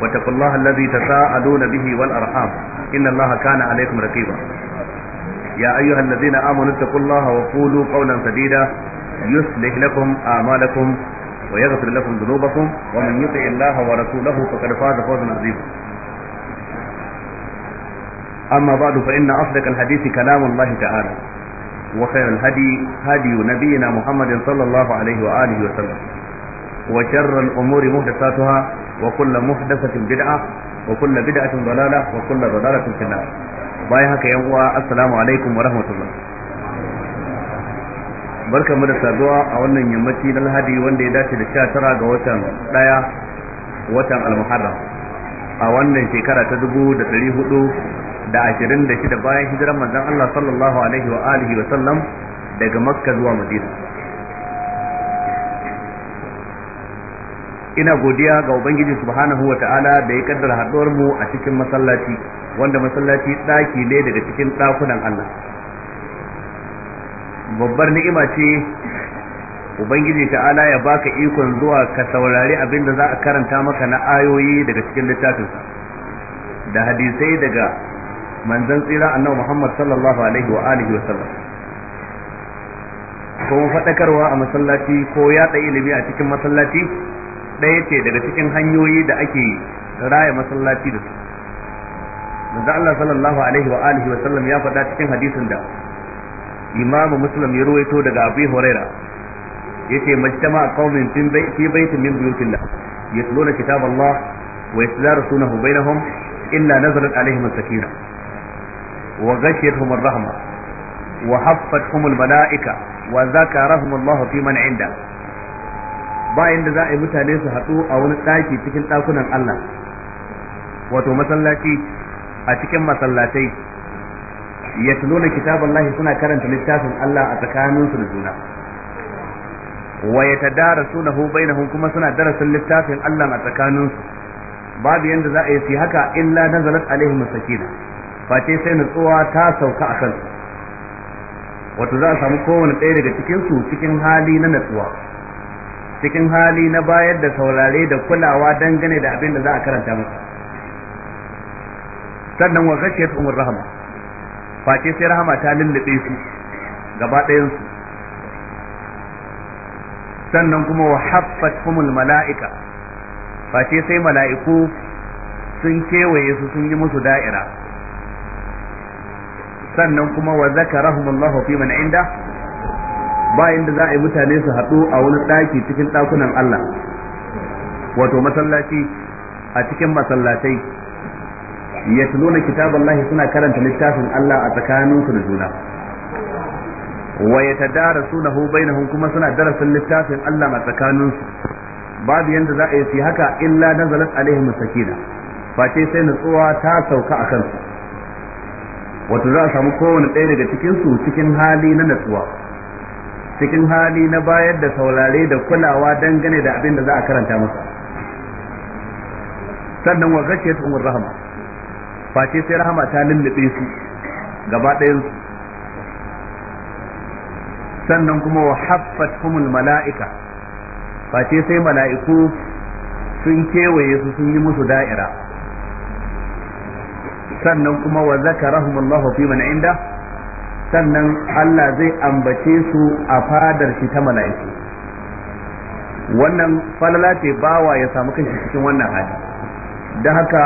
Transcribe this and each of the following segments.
واتقوا الله الذي تساءلون به والأرحام إن الله كان عليكم رقيبا يا أيها الذين آمنوا اتقوا الله وقولوا قولا سديدا يصلح لكم أعمالكم ويغفر لكم ذنوبكم ومن يطع الله ورسوله فقد فاز فوزا عظيما أما بعد فإن أصدق الحديث كلام الله تعالى وخير الهدي هدي نبينا محمد صلى الله عليه وآله وسلم وشر الأمور محدثاتها وكل محدثة بدعة وكل بدعة ضلالة وكل ضلالة في النار bayan haka yan uwa assalamu alaikum wa rahmatullah barkamu da saduwa a wannan yammaci na Lahadi wanda ya dace da tara ga watan daya watan al a wannan shekara ta 1426 bayan hijiran manzon Allah sallallahu alaihi wa alihi wa sallam daga Makka zuwa Madina ina godiya ga ubangiji subhanahu ta'ala da ya kaddara haɗuwar mu a cikin masallaci wanda masallaci ɗaki ne daga cikin ɗakunan Allah babbar ni'ima ce ubangiji ta'ala ya baka ikon zuwa ka saurari abin da za a karanta maka na ayoyi daga cikin littafin, da hadisai daga manzon tsira annabi Muhammad sallallahu alaihi wa alihi wa sallam ko fadakarwa a masallaci ko yada ilimi a cikin masallaci daya ce daga cikin hanyoyi da ake raya masallaci da su manzo Allah sallallahu alaihi wa alihi wa sallam ya faɗa cikin hadisin da Imam Muslim ya ruwaito daga Abu Huraira yace majtama qaumin fi baiti baitin min buyutillah yatluna kitaballah wa yatadarasunahu bainahum illa nazalat alaihim sakina wa ghashiyatuhum ar-rahma wa haffathum al-malaika wa dhakarahum Allah fi man 'indahu bayan da za a yi mutane su haɗu a wani ɗaki cikin ɗakunan Allah wato masallaci a cikin masallatai ya tulona kitabun lahi suna karanta littafin Allah a tsakaninsu da juna wa ya ta dara bainahum kuma suna darasin littafin Allah a tsakaninsu babu yanda za a yi siya haka illa nazalat alaihim sakina face sai nutsuwa ta sauka a kansu wato za a samu kowane ɗaya daga cikinsu cikin hali na natsuwa cikin hali na bayar da saurare da kulawa dangane da abin da za a karanta masa sannan wa ghashiyat umur rahama face sai rahama ta lullube su gaba ɗayan su sannan kuma wa haffat kumul mala'ika face sai mala'iku sun kewaye su sun yi musu da'ira sannan kuma wa zakarahumullahu fi man inda ba inda za a yi mutane su haɗu a wani ɗaki cikin ɗakunan Allah wato masallaci a cikin masallatai ya tuluna kitaballahi suna karanta littafin Allah a tsakaninsu da juna wa suna bainahum kuma suna darasin littafin Allah a tsakaninsu babu yanda za a yi fi haka illa nazalat alaihim sakina face sai nutsuwa ta sauka a kansu wato za a samu kowane ɗaya daga cikinsu cikin hali na natsuwa cikin hali na bayar da saurare da kulawa dangane da abin da za a karanta masa sannan wa gashi ta umar rahama face sai rahama ta lullube su gaba ɗayansu su sannan kuma wa haffat humul mala'ika face sai mala'iku sun kewaye su sun yi musu da'ira sannan kuma wa zakarahumullahu fi man inda sannan Allah zai ambace su a fadar shi ta mala'iku wannan falala ce bawa ya samu kanshi cikin wannan hali da haka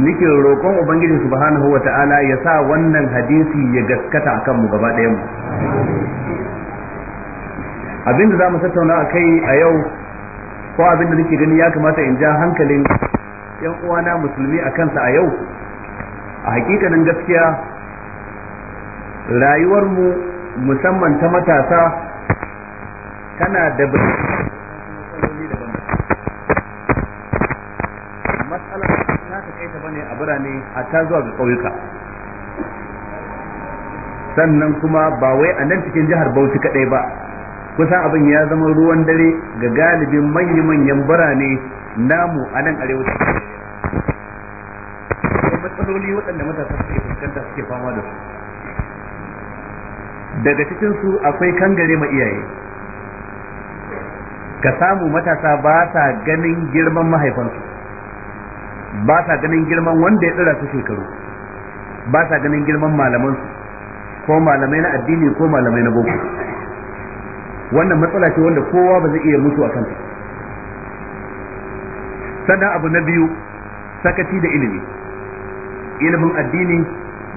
nike roƙon ubangiji subhanahu wata'ala ya sa wannan hadisi ya gaskata akan mu gaba ɗayan mu abinda za mu tattauna a kai a yau ko abin abinda nake gani ya kamata in ja hankalin yan uwana musulmi a kansa a yau a hakikanin gaskiya rayuwar mu musamman ta matasa tana da matsala na ta kaita bane a birane ta zuwa ga ƙauyuka sannan kuma ba wai a nan cikin jihar Bauchi kadai ba kusan abin ya zama ruwan dare ga galibin manya-manyan birane namu a nan arewacin matsaloli waɗanda matasa suke fuskanta suke fama da su daga cikin su akwai kangare ma iyaye ka samu matasa ba sa ganin girman mahaifansu ba sa ganin girman wanda ya tsira su shekaru ba sa ganin girman malamansu ko malamai na addini ko malamai na boko wannan matsala ce wanda kowa ba zai iya mutu a kanta sannan abu na biyu sakaci da ilimi ilimin addini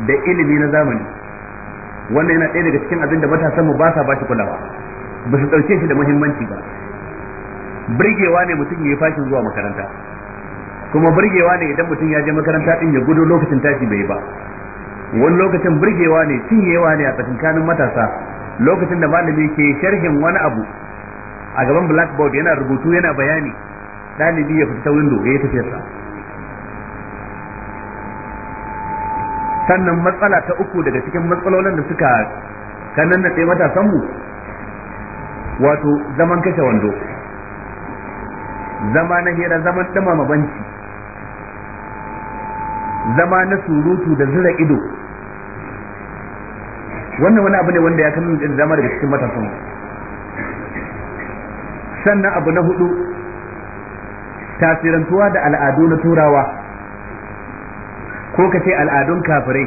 da ilimi na zamani wannan yana ɗaya daga cikin abin da matasan mu ba sa ba shi kulawa ba su ɗauke shi da muhimmanci ba Birgewa ne mutum ya yi fashin zuwa makaranta kuma birgewa ne idan mutum ya je makaranta din ya gudu lokacin tashi bai ba wani lokacin birgewa ne cinyewa ne a tsakankanin matasa lokacin da malami ke sharhin wani abu a gaban blackboard yana rubutu yana bayani ɗalibi ya fita window ya yi tafiyarsa sannan matsala ta uku daga cikin matsalolin da suka kanan na tsaye matasan wato zaman kashe wando zama na hira zaman dama mabanci zama na surutu da zura ido wannan wani abu ne wanda ya kan da zama daga cikin matasanmu, sannan abu na hudu tasirantuwa da al'adu na turawa ko ka ce al'adun kafirai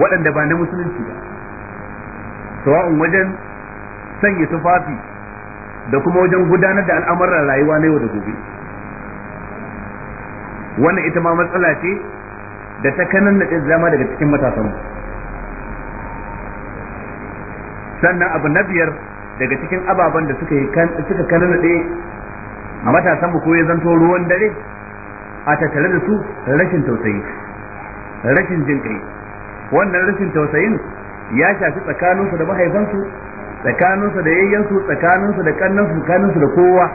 waɗanda ba na musulunci ba sawa'un wajen sanya tufafi da kuma wajen gudanar da al'amuran rayuwa na yau da gobe wannan ita ma matsala ce da ta kanan na zama daga cikin matasan sannan abu na biyar daga cikin ababen da suka kanan na a matasan ko ya zanto ruwan dare a tattare da su rashin tausayi rashin jin kai wannan rashin tausayin ya shafi tsakaninsu da mahaifansu tsakaninsu da yayyansu tsakaninsu da kannansu tsakaninsu da kowa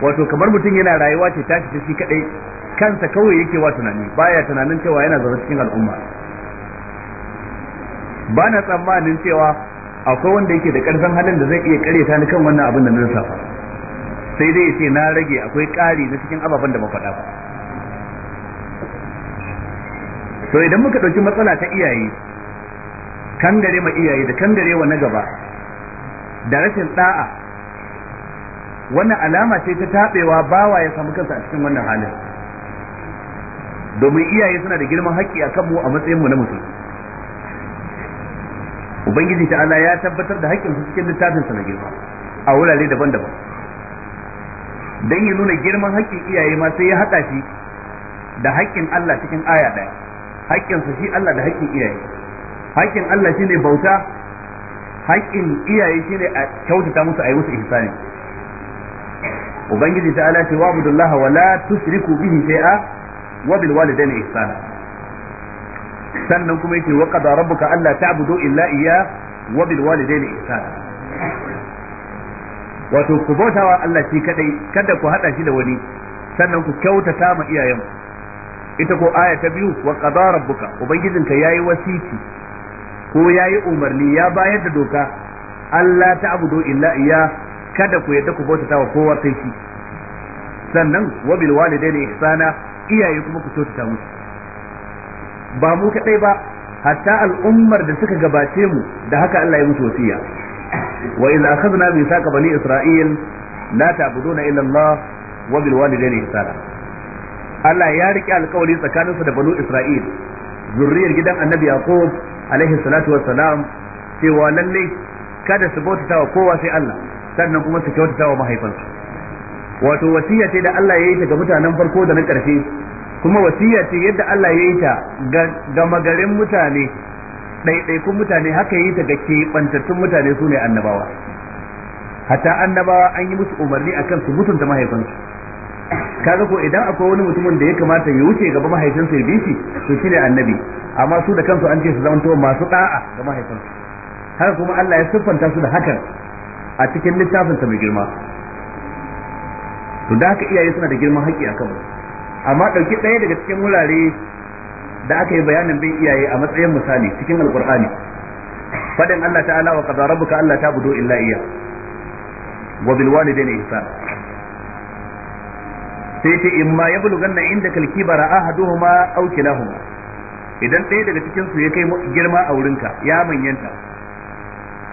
wato kamar mutum yana rayuwa ce tashi ta shi kadai kansa kawai yake wa tunani baya tunanin cewa yana zaune cikin al'umma ba na tsammanin cewa akwai wanda yake da karfin halin da zai iya kare ta ni kan wannan abin da na sai dai ya ce na rage akwai ƙari na cikin ababen da ba faɗa ba to idan muka ɗauki matsala ta iyaye gare ma iyaye da gare wa na gaba da rashin da'a wannan alama ce ta taɓewa bawa ya samu kansa a cikin wannan halin domin iyaye suna da girman haƙƙi a kanmu a matsayinmu na mutum ubangiji ta ala ya tabbatar da haƙƙinsu cikin sa na girma a wurare daban-daban don ya nuna girman haƙƙin iyaye ma sai ya haɗa shi da haƙƙin Allah cikin aya ɗaya haƙƙinsa shi Allah da haƙƙin iyaye haƙƙin Allah shine bauta haƙƙin iyaye shine a kyautata musu ayi musu ihsani ubangiji ta ala ce wa abudullaha wa la tusriku bihi shay'a wa bil walidayni ihsana sannan kuma yake wa qada rabbuka alla ta'budu illa iyya wa bil walidayni ihsana wato ku bautawa Allah shi kadai kada ku hada shi da wani sannan ku kyautata ma iyayenku ita ko aya ta biyu wa qada rabbuka ubangijinka yayi wasiti ko yayi umarni ya bayar da doka Allah ta abudu illa iya kada ku yadda ku bautata wa kowa sai shi sannan wa bil walidaini ihsana iyaye kuma ku kyautata musu ba mu kadai ba hatta al'ummar da suka gabace mu da haka Allah ya musu wasiya wa idza akhadna mithaqa bani isra'il la ta'buduna illa Allah wa bil walidaini ihsana Allah ya rike alkawari tsakaninsa da banu Isra'il zurriyar gidan Annabi Yaqub alaihi salatu wassalam cewa lalle kada su bauta wa kowa sai Allah sannan kuma su kyautata wa mahaifansu wato wasiya ce da Allah ya yi ta ga mutanen farko da na ƙarshe kuma wasiya ce yadda Allah ya yi ta ga magarin mutane ɗaiɗaikun mutane haka ya yi ta ga keɓantattun mutane su ne annabawa hatta annabawa an yi musu umarni akan su mutunta mahaifansu kaga ko idan akwai wani mutumin da ya kamata ya wuce gaba mahaifinsa ya bishi, to shine annabi amma su da kansu an ce su zamanto masu da'a ga mahaifinsu haka kuma Allah ya siffanta su da hakan a cikin littafinsa mai girma to da haka iyaye suna da girman haƙƙi a kanmu amma dauki ɗaya daga cikin wurare da aka yi bayanin bin iyaye a matsayin misali cikin alƙur'ani faɗin Allah ta'ala wa qadara rabbuka alla ta'budu illa iyyah wa bil walidayni ihsana sai ce in ma yablughanna indakal kibara ahaduhuma na kilahuma idan ɗaya daga cikin su ya kai girma a wurinka ya manyanta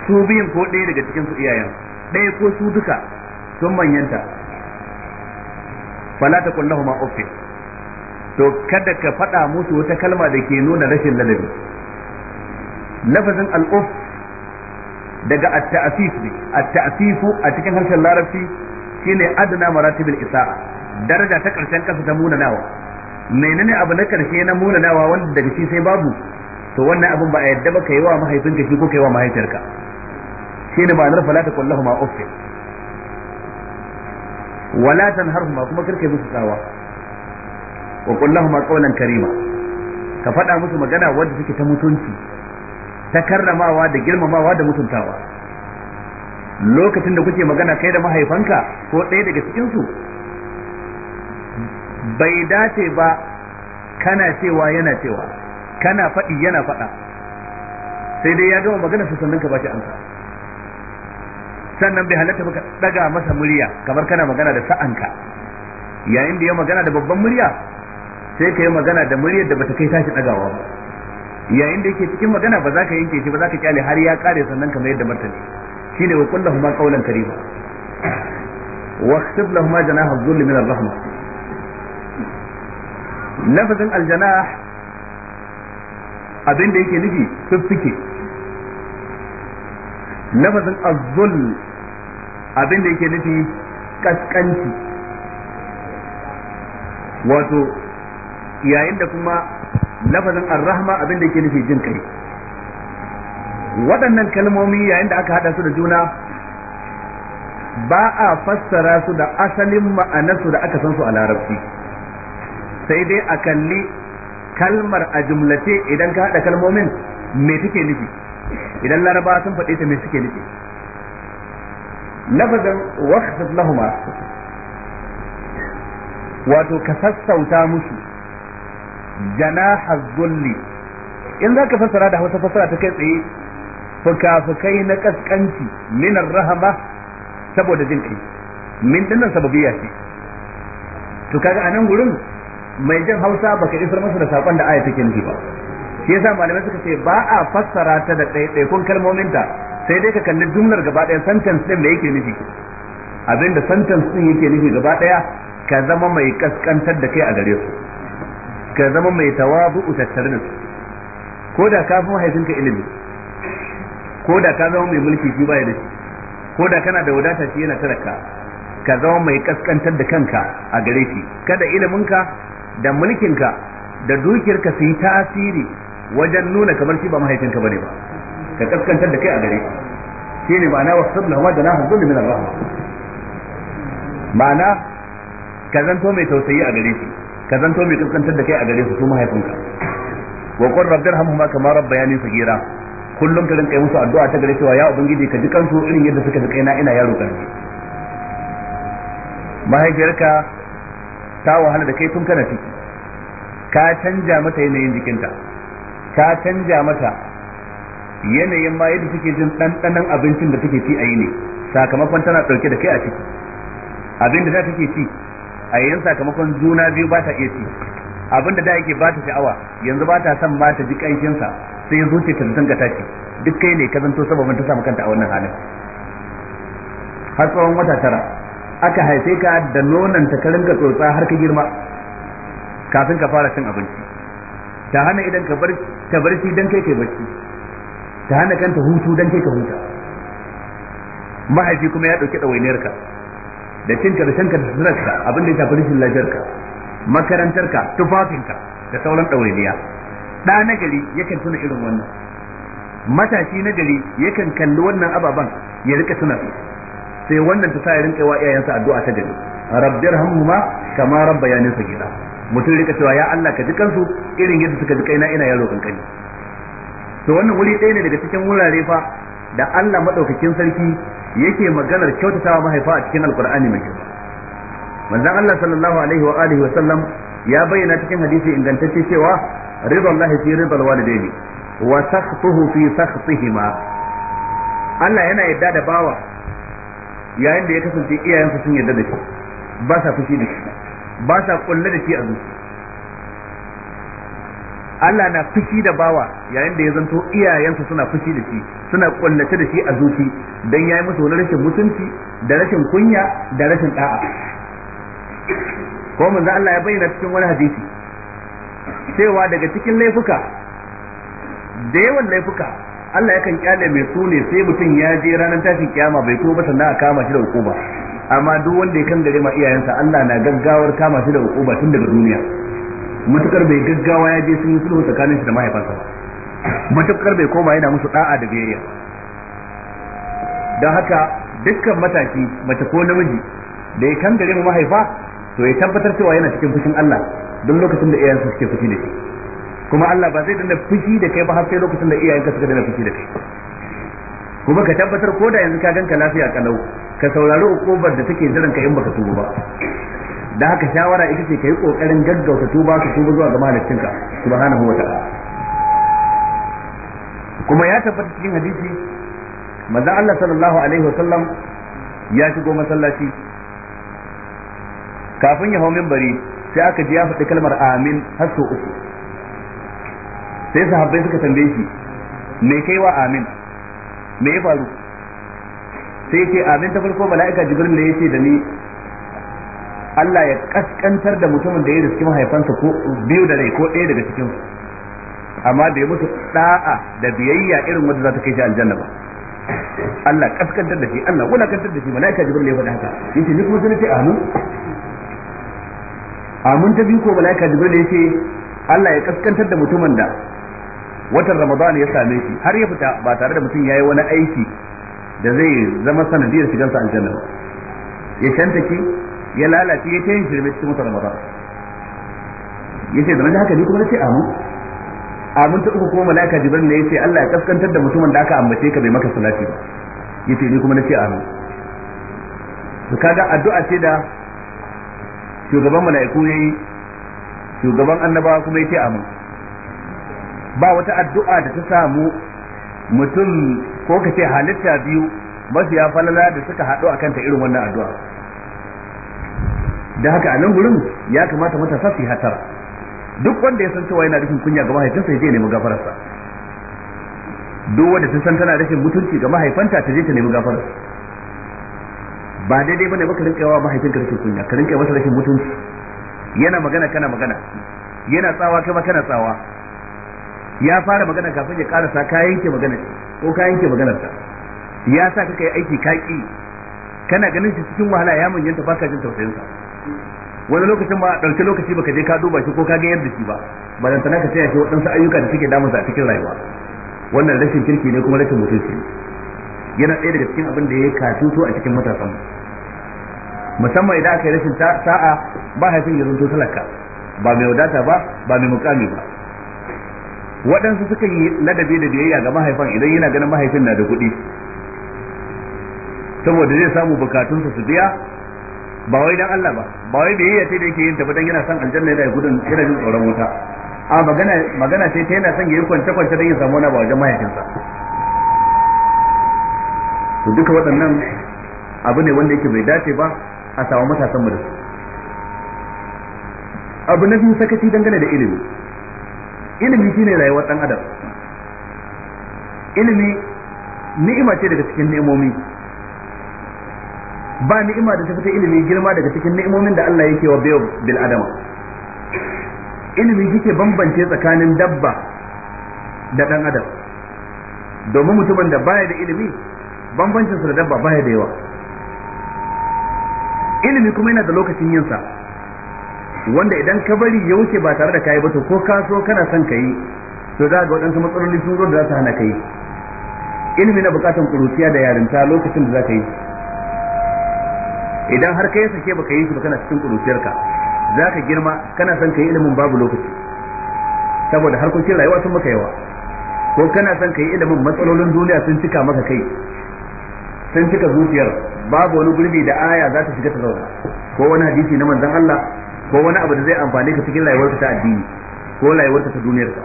su biyun ko ɗaya daga cikin su iyayen ɗaya ko su duka sun manyanta fala ta kullahuma uffin to kada ka faɗa musu wata kalma da ke nuna rashin ladabi lafazin al'uf daga at a cikin harshen larabci shine adna maratibil isa'a daraja ta karshen kasa ta munanawa menene abu na karshe na munanawa wanda daga shi sai babu to wannan abin ba a yadda ba kai wa mahaifinka shi ko kai wa mahaifiyarka shine ma'anar fala ta kullahu ma uffi wala ma kuma karkai musu tsawa wa kullahu ma qawlan karima ka faɗa musu magana wadda suke ta mutunci ta karramawa da girmamawa da mutuntawa lokacin da kuke magana kai da mahaifanka ko ɗaya daga cikinsu bai dace ba kana cewa yana cewa kana faɗi yana faɗa sai dai ya gama magana sannan ka bashi amsa sannan bai halatta ba daga masa murya kamar kana magana da sa'anka yayin da ya magana da babban murya sai ka yi magana da muryar da bata kai tashi dagawa ba yayin da yake cikin magana ba za ka yanke shi ba za ka kyale har ya kare sannan ka mayar da martani shine wa kullahu ma qawlan karima ma janaha جناح min ar الرحمه lafazin aljanah abin da yake nufi fiffike lafazin azzul abin da yake nufi kaskanci wato yayin da kuma lafazin arrahma abin da yake nufi jin kai waɗannan kalmomi yayin da aka haɗa su da juna ba a fassara su da asalin ma'anarsu da aka san su a larabci sai dai a kalli kalmar a jumlace idan ka haɗa kalmomin me suke nufi idan laraba sun faɗe ta me suke nufi lafazin waqfat lahuma wato ka sassauta musu janaha zulli in za ka fassara da hausa fassara ta kai tsaye fuka-fukai na ƙasƙanci minar rahama saboda jin kai min dinnan sababiyya ce to kaga a nan gurin mai jin hausa baka isar masa da sakon da aya take nufi ba shi yasa malamai suka ce ba a fassara ta da ɗaiɗaikun ta sai dai ka kalli jumlar gaba ɗaya sentence din da yake nufi Abin da sentence din yake nufi gaba ɗaya ka zama mai kaskantar da kai a gare su ka zama mai tawabu tattare da su ko da ka fi mahaifinka ilimi ko da ka zama mai mulki shi baya da shi ko da kana da wadata shi yana tarakka ka zama mai kaskantar da kanka a gare shi kada iliminka da mulkinka da dukiyarka su yi tasiri wajen nuna kamar shi ba mahaifinka bane ba ka kaskantar da kai a gare shi ne ma'ana wasu sabla wa da na hanzu min Allah ma'ana ka zanto mai tausayi a gare shi ka zanto mai kaskantar da kai a gare su su mahaifinka wa qur rabbi irhamhuma kama rabbayani sagira kullum ka rinka musu addu'a ta gare cewa ya ubangiji ka ji kansu irin yadda suka ji kaina ina yaro karfi mahaifiyarka ta wahala da kai tun kana ciki ka canja mata yanayin jikinta ka canja mata yanayin ma yadda take jin ɗanɗanon abincin da take ci a yi ne sakamakon tana ɗauke da kai a ciki abin da ta take ci a yin sakamakon juna biyu ba ta iya ci abin da da yake ba ta sha'awa yanzu ba ta son ma ta ji ƙanshinsa sai yanzu ce ta dinga tashi duk kai ne ka zanto sababin ta samu kanta a wannan halin har tsawon wata tara aka haife ka da nonon ta ka rinka tsotsa har ka girma kafin ka fara cin abinci ta hana idan ka bar ta barci dan kai kai barci ta hana kanta hutu dan kai ka huta mahaifi kuma ya dauki dawainiyar ka da cinka da shanka da ka abin da ya shafi rashin lafiyarka makarantarka tufafinka da sauran dawainiya da na gari yakan tuna irin wannan matashi na gari yakan kalli wannan ababan ya rika tuna su sai wannan ta sa ya wa iyayensa addu'a ta gari rabbir hamma kama rabbayani gida mutum rika cewa ya Allah ka ji kansu irin yadda suka ji kaina ina yaro kankani to wannan wuri ɗaya ne daga cikin wurare fa da Allah madaukakin sarki yake maganar kyautatawa mahaifa a cikin alqur'ani mai kyau manzon Allah sallallahu alaihi wa alihi wa sallam ya bayyana cikin hadisi ingantacce cewa ridha Allah fi ridha walidaini wa sakhtuhu fi sakhtihima Allah yana yadda da bawa yayin da ya kasance iyayensa sun yarda da shi ba sa fushi da shi ba sa kulle da shi a zuci Allah na fushi da bawa yayin da ya zanto iyayensa suna fushi da shi suna kullace da shi a zuci dan yayi musu wani rashin mutunci da rashin kunya da rashin da'a ko manzo Allah ya bayyana cikin wani hadisi cewa daga cikin laifuka da yawan laifuka Allah yakan kyale mai sune ne sai mutum ya je ranar tashin kiyama bai ba sannan a kama shi da hukuma amma duk wanda ya kan gare ma iyayensa Allah na gaggawar kama shi da hukuma tun daga duniya matukar bai gaggawa ya je sun yi sulhu tsakanin shi da mahaifansa matukar bai koma yana musu da'a da biyayya don haka dukkan mataki mace ko namiji da ya kan gare ma mahaifa to ya tabbatar cewa yana cikin fushin Allah duk lokacin da iyayensa suke fushi da shi kuma Allah ba zai dinda fushi da kai ba har sai lokacin da iyayenka suka dinda fushi da kai kuma ka tabbatar ko da yanzu ka ganka lafiya kalau ka saurari ukubar da take jiran ka in baka tuba ba da haka shawara ita ce kai kokarin gaggauta tuba ka tuba zuwa ga ka subhanahu wa kuma ya tabbata cikin hadisi manzo Allah sallallahu alaihi wa sallam ya shigo masallaci kafin ya hau minbari sai aka ji ya faɗi kalmar amin har sau uku sai sahabbai suka tambaye shi me kai wa amin me ya faru sai ce amin ta farko mala'ika jibril ne yace da ni Allah ya kaskantar da mutumin da ya riski mahaifansa ko biyu da rai ko ɗaya daga cikin amma da ya mutu da'a da biyayya irin wanda za ta kai shi aljanna ba Allah kaskantar da shi Allah wulakantar da shi mala'ika jibril ne ya faɗa haka yace ni kuma sai ce amin amin ta biyu ko mala'ika jibril ne yace Allah ya kaskantar da mutumin da watan ramadan ya same shi har ya fita ba tare da mutum yayi wani aiki da zai zama sanadiyar shigansa aljanna ba ya ki ya lalace ya tayin shirme cikin watan ramadan ya ce da haka ni kuma na ce amin amin ta uku kuma malaka jibril ne ya ce Allah ya kaskantar da mutumin da aka ambace ka bai maka salati ba ya ce ni kuma na ce amin to kaga addu'a ce da shugaban mala'iku yayi shugaban annabawa kuma ya ce amin ba wata addu'a da ta samu mutum ko ka ce halitta biyu ya falala da suka haɗu akan ta irin wannan addu'a da haka a nan gurin ya kamata mata su hatar duk wanda ya san cewa yana rashin kunya ga mahaifinsa ya je nemi gafararsa duk wanda ta san tana rashin mutunci ga mahaifanta ta je ta nemi gafara ba daidai bane ba ka rinka yawa mahaifinka rashin kunya ka rinka masa rashin mutunci yana magana kana magana yana tsawa kai ma kana tsawa ya fara magana kafin ya karasa ka yanke magana ko ka yanke maganar sa ya sa kake aiki ka kana ganin shi cikin wahala ya manyanta baka jin tausayin sa wani lokacin ba ɗauki lokaci baka je ka duba shi ko ka ga yadda shi ba ba dan tana ka ya shi waɗansu ayyuka da suke damunsa a cikin rayuwa wannan rashin kirki ne kuma rashin mutunci yana ɗaya daga cikin abin da ya katuto a cikin matasan musamman idan aka yi rashin sa'a ba haifin ya zanto talaka ba mai wadata ba ba mai mukami ba waɗansu suka yi ladabi da biyayya ga mahaifan idan yana ganin mahaifin na da kuɗi saboda zai samu bukatunsa su biya ba wai dan Allah ba ba wai biyayya ce da yake yin ta dan yana son aljanna yana gudun yana jin tsoron wuta a magana magana ce ta yana son yayi kwance kwance dan ya samu na ba wajen mahaifinsa to duka waɗannan abu ne wanda yake bai dace ba a samu matasan mu da su abu na biyu sakaci dangane da ilimi ilimi shine rayuwar dan adam ilimi ni'ima ce daga cikin ni'imomi ba ni'ima da ta ilimi girma daga cikin ni'imomin da Allah yake wa bayu bil adama ilimi yake bambance tsakanin dabba da dan adam domin mutumin da baya da ilimi bambancin sa da dabba baya da yawa ilimi kuma yana da lokacin yinsa wanda idan ka bari ya wuce ba tare da kayi ba to ko ka so kana son ka yi to za ga waɗansu matsaloli sun zo da za su hana ka yi ilimi na buƙatar kuruciya da yarinta lokacin da za ka yi idan har ka yi sake baka yi shi ba kana cikin kuruciyarka za ka girma kana son ka yi ilimin babu lokaci saboda harkokin rayuwa sun maka yawa ko kana son ka yi ilimin matsalolin duniya sun cika maka kai sun cika zuciyar babu wani gurbi da aya za ta shiga ta zauna ko wani hadisi na manzon Allah ko wani abu da zai amfani ka cikin rayuwarka ta addini ko rayuwarka ta duniyar ka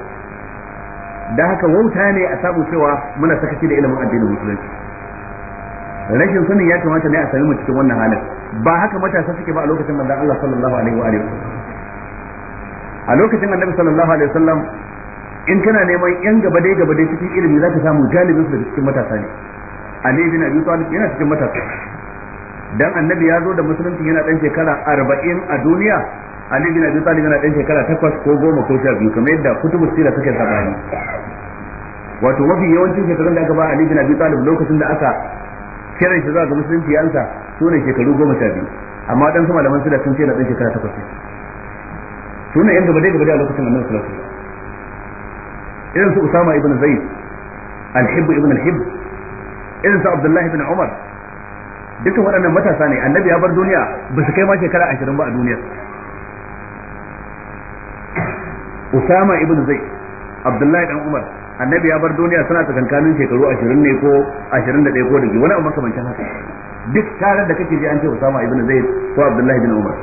dan haka wauta ne a sabu cewa muna sakaci da ilimin addinin musulunci rashin sanin ya kamata ne a sami mu cikin wannan halin ba haka matasa suke ba a lokacin manzon Allah sallallahu alaihi wa alihi a lokacin annabi sallallahu alaihi wasallam in kana neman yan gaba dai gaba dai cikin ilimi zaka samu galibin su daga cikin matasa ne Ali bin Abi Talib yana cikin matasa dan annabi ya zo da musulunci yana dan shekara arba'in a duniya ali bin abi talib yana dan shekara takwas ko goma ko 12 kamar yadda kutubu sira suke sabani wato mafi yawancin shekarun da aka ba ali bin abi talib lokacin da aka kiran shi zuwa ga musulunci yansa su ne shekaru goma amma dan su malaman sira sun ce na dan shekara takwas Sunan ne yan gaba dai gaba dai lokacin annabi sallallahu alaihi wasallam irin su usama ibn zaid al-hibb ibn al-hibb irin su abdullahi ibn umar dukkan waɗannan matasa ne annabi ya bar duniya ba su kai ma shekara ashirin ba a duniya. usama ibn zai abdullahi dan umar annabi ya bar duniya suna tsakankanin shekaru ashirin ne ko ashirin da ɗaya ko dake wani abu makamancin haka duk tarar da kake ji an ce usama ibn zai ko abdullahi bin umar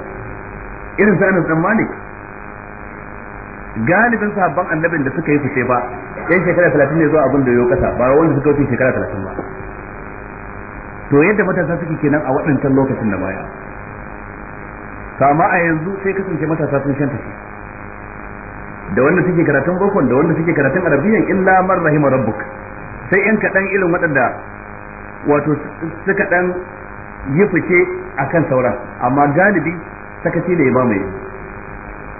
irin sa anas dan malik galibin sahabban annabin da suka yi fice ba yan shekara talatin ne zuwa abin da yau kasa ba wanda suka wuce shekara talatin ba to yadda matasa suke kenan a waɗancan lokacin da baya to amma a yanzu sai kasance matasa sun shanta shi da wanda suke karatun bakon da wanda suke karatun arabiyan illa mar rahima rabbuk sai in kaɗan irin waɗanda wato suka ɗan yi fice a kan sauran amma galibi sakaci da ya ba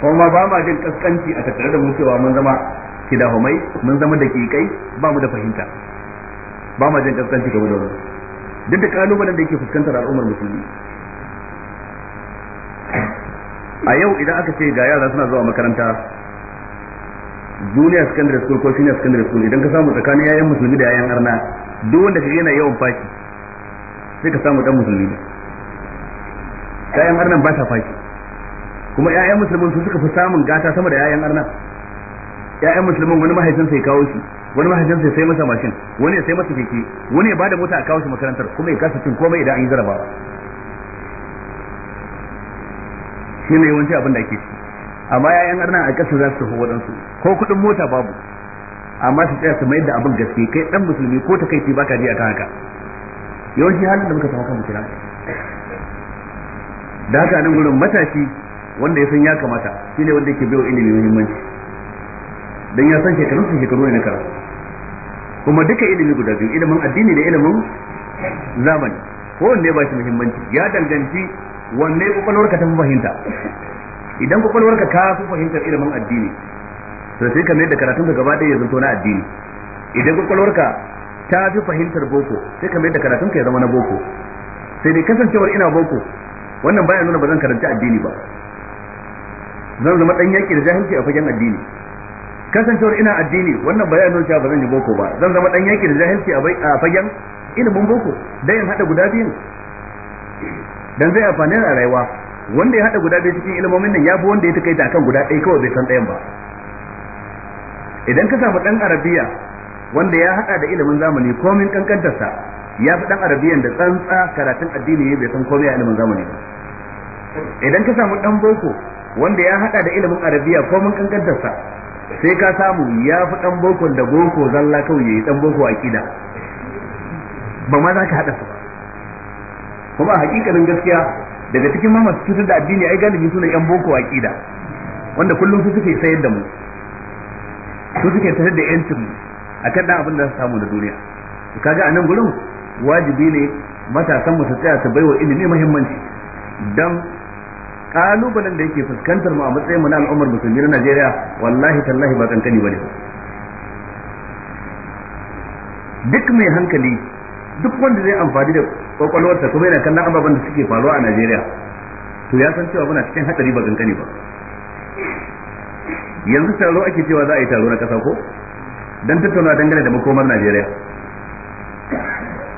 kuma ba ma jin kaskanci a tattare da mu cewa mun zama kidahumai mun zama da daƙiƙai ba mu da fahimta ba ma jin kaskanci game da wannan duk da kalubalen da yake fuskantar al'ummar musulmi a yau idan aka ce ga yara suna zuwa makaranta junior secondary school ko senior secondary school idan ka samu tsakanin yayan musulmi da yayan arna duk wanda ka yana yawan faki sai ka samu dan musulmi ne yayan arnan ba ta faki kuma yayan musulmin su suka fi samun gata sama da yayan arna yayan musulmin wani mahaifin sai kawo shi wani mahaifinsa ya sai masa mashin wani ya sai masa keke wani ya bada mota a kawo shi makarantar kuma ya kasa cin komai idan an yi jarabawa shi ne yawanci abin da ake ci amma ya yayan arna a kasa za su tafi waɗansu ko kuɗin mota babu amma su tsaya su mayar da abin gaske kai ɗan musulmi ko ta kai baka ji kan haka yawanci halin da muka samu kan kira da haka nan gudun matashi wanda ya san ya kamata shine wanda ke biyo ilimin muhimmanci dan ya san shekarun su shekaru ne na karatu kuma duka ilimi guda biyu ilimin addini da ilimin zamani kowanne ba shi muhimmanci ya danganci wanne ka ta fi fahimta idan kwakwalwarka ka fi fahimtar ilimin addini to sai ka mai da ka gaba ɗaya ya zanto na addini idan ka ta fi fahimtar boko sai ka mai da ka ya zama na boko sai dai kasancewar ina boko wannan baya nuna ba zan karanci addini ba zan zama ɗan yaƙi da jahilci a fagen addini kasancewar ina addini wannan bayanin cewa ba zan yi boko ba zan zama dan yaki da jahilci a fagen ilimin boko dan in hada guda biyu? dan zai amfani a rayuwa wanda ya hada guda biyu cikin ilimomin nan yafi wanda ya takaita akan guda ɗaya kawai bai san ɗayan ba idan ka samu dan arabiya wanda ya hada da ilimin zamani komin kankantarsa ya fi dan arabiyan da tsantsa karatun addini bai san komai a ilimin zamani ba idan ka samu dan boko wanda ya hada da ilimin arabiya komin kankantarsa sai ka samu ya fi dan boko da boko zalla kawai yi dan boko a ƙida. ba ma za ka haɗa su kuma hakikanin gaskiya daga cikin ma masu cutar da addini ai galibi suna yan boko a akida wanda kullum su suke sayar da mu su suke sayar da yancin akan dan abin da za su samu da duniya kaga a nan gurin wajibi ne matasan mu su tsaya su baiwa ilimi muhimmanci dan kalubalen da yake fuskantar mu a matsayin mu na al'ummar musulmi na Najeriya wallahi tallahi ba kankani bane duk mai hankali duk wanda zai amfani da kwakwalwarsa kuma yana kallon ababen da suke faruwa a Najeriya to ya san cewa muna cikin hatsari ba kankani ba yanzu taro ake cewa za a yi taro na kasa ko dan tattauna dangane da makomar Najeriya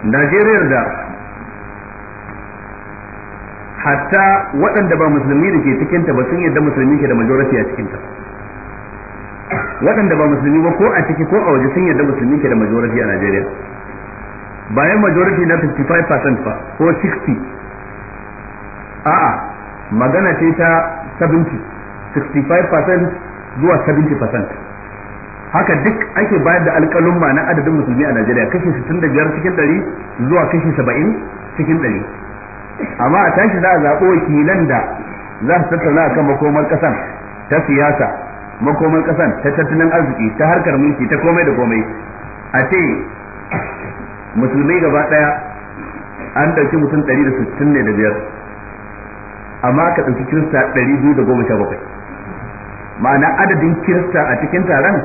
Najeriyar da hatta waɗanda ba musulmi da ke cikin ta ba sun yadda musulmi ke da majority a cikin ta waɗanda ba musulmi ba ko a ciki ko a waje sun yadda musulmi ke da majority a Najeriya bayan majority na 55% fa ko 60 a'a magana ce ta 70 65% zuwa 70% haka duk ake bayar da alƙalumma na adadin musulmi a Najeriya kashi 65 cikin 100 zuwa kashi 70 cikin amma a tashi za a zaɓo wakilan da za su tattauna kan makomar ƙasan ta siyasa makomar ƙasan ta tattalin arziki ta harkar mulki ta komai da komai a ce musulmai gaba ɗaya an ɗauki mutum ɗari da sittin ne da biyar amma ka ɗauki kirista ɗari biyu da goma sha bakwai ma'ana adadin kirista a cikin taron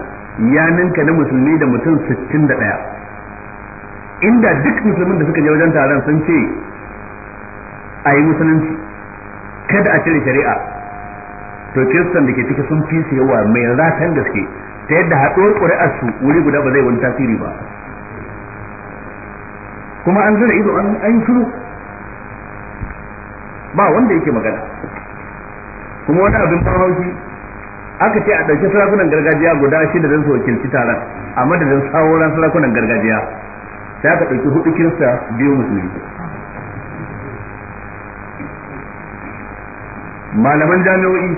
ya ninka na musulmi da mutum sittin da ɗaya inda duk musulmin da suka je wajen taron sun ce a yi musulunci kada a cire shari'a to kiristan da ke ciki sun fi su yawa mai ratan gaske ta yadda haɗuwar ƙuri'ar su wuri guda ba zai wani tasiri ba kuma an zura ido an yi shiru ba wanda yake magana kuma wani abin farauki aka ce a ɗauki sarakunan gargajiya guda shi da zansu wakilci taron a madadin sauran sarakunan gargajiya sai aka ɗauki hudu kirista biyu musulmi malaman jami'o'i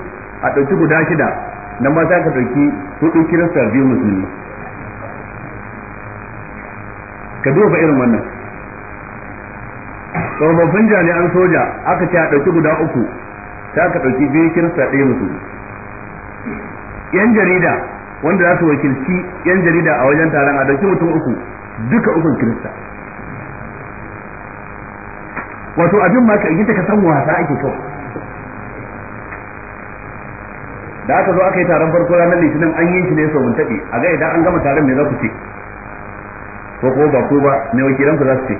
a ɗauki guda shida nan ba za ka ɗauki hudu kirista biyu musulmi ka duba irin wannan tsofaffin jami'an soja aka ce a ɗauki guda uku za ka ɗauki biyu kirista ɗaya musulmi yan jarida wanda za su wakilci yan jarida a wajen taron a ɗauki mutum uku duka ukun kirista wato abin ma ka yi ta ka san wasa ake kawai da aka zo aka yi taron farko ranar litinin an yi shi ne sau taɓi a ga idan an gama taron me za ku ce ko ko ba ku ba ne wakilan ku za su ce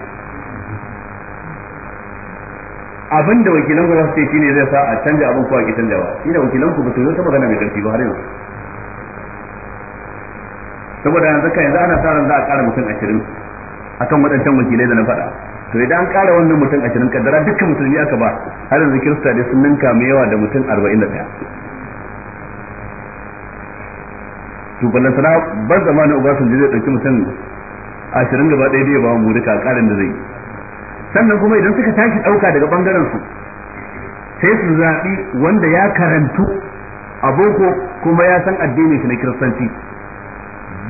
abin da wakilan ku za su ce shine zai sa a canja abin ku a ki shi da wakilan ku ba su yi wata magana mai ƙarfi ba har yanzu saboda yanzu kan yanzu ana sa za a ƙara mutum ashirin akan waɗancan wakilai da na faɗa to idan an ƙara wannan mutum ashirin kaddara dukkan musulmi aka ba har yanzu kirista dai sun ninka mai yawa da mutum arba'in da ɗaya shugaban sana ba zamanin Obasanjo zai dauki mutum ashirin gaba ɗaya da ya ba mu duka karin da zai sannan kuma idan suka tashi dauka daga bangaren su sai su zaɓi wanda ya karantu a boko kuma ya san addini shi na kiristanci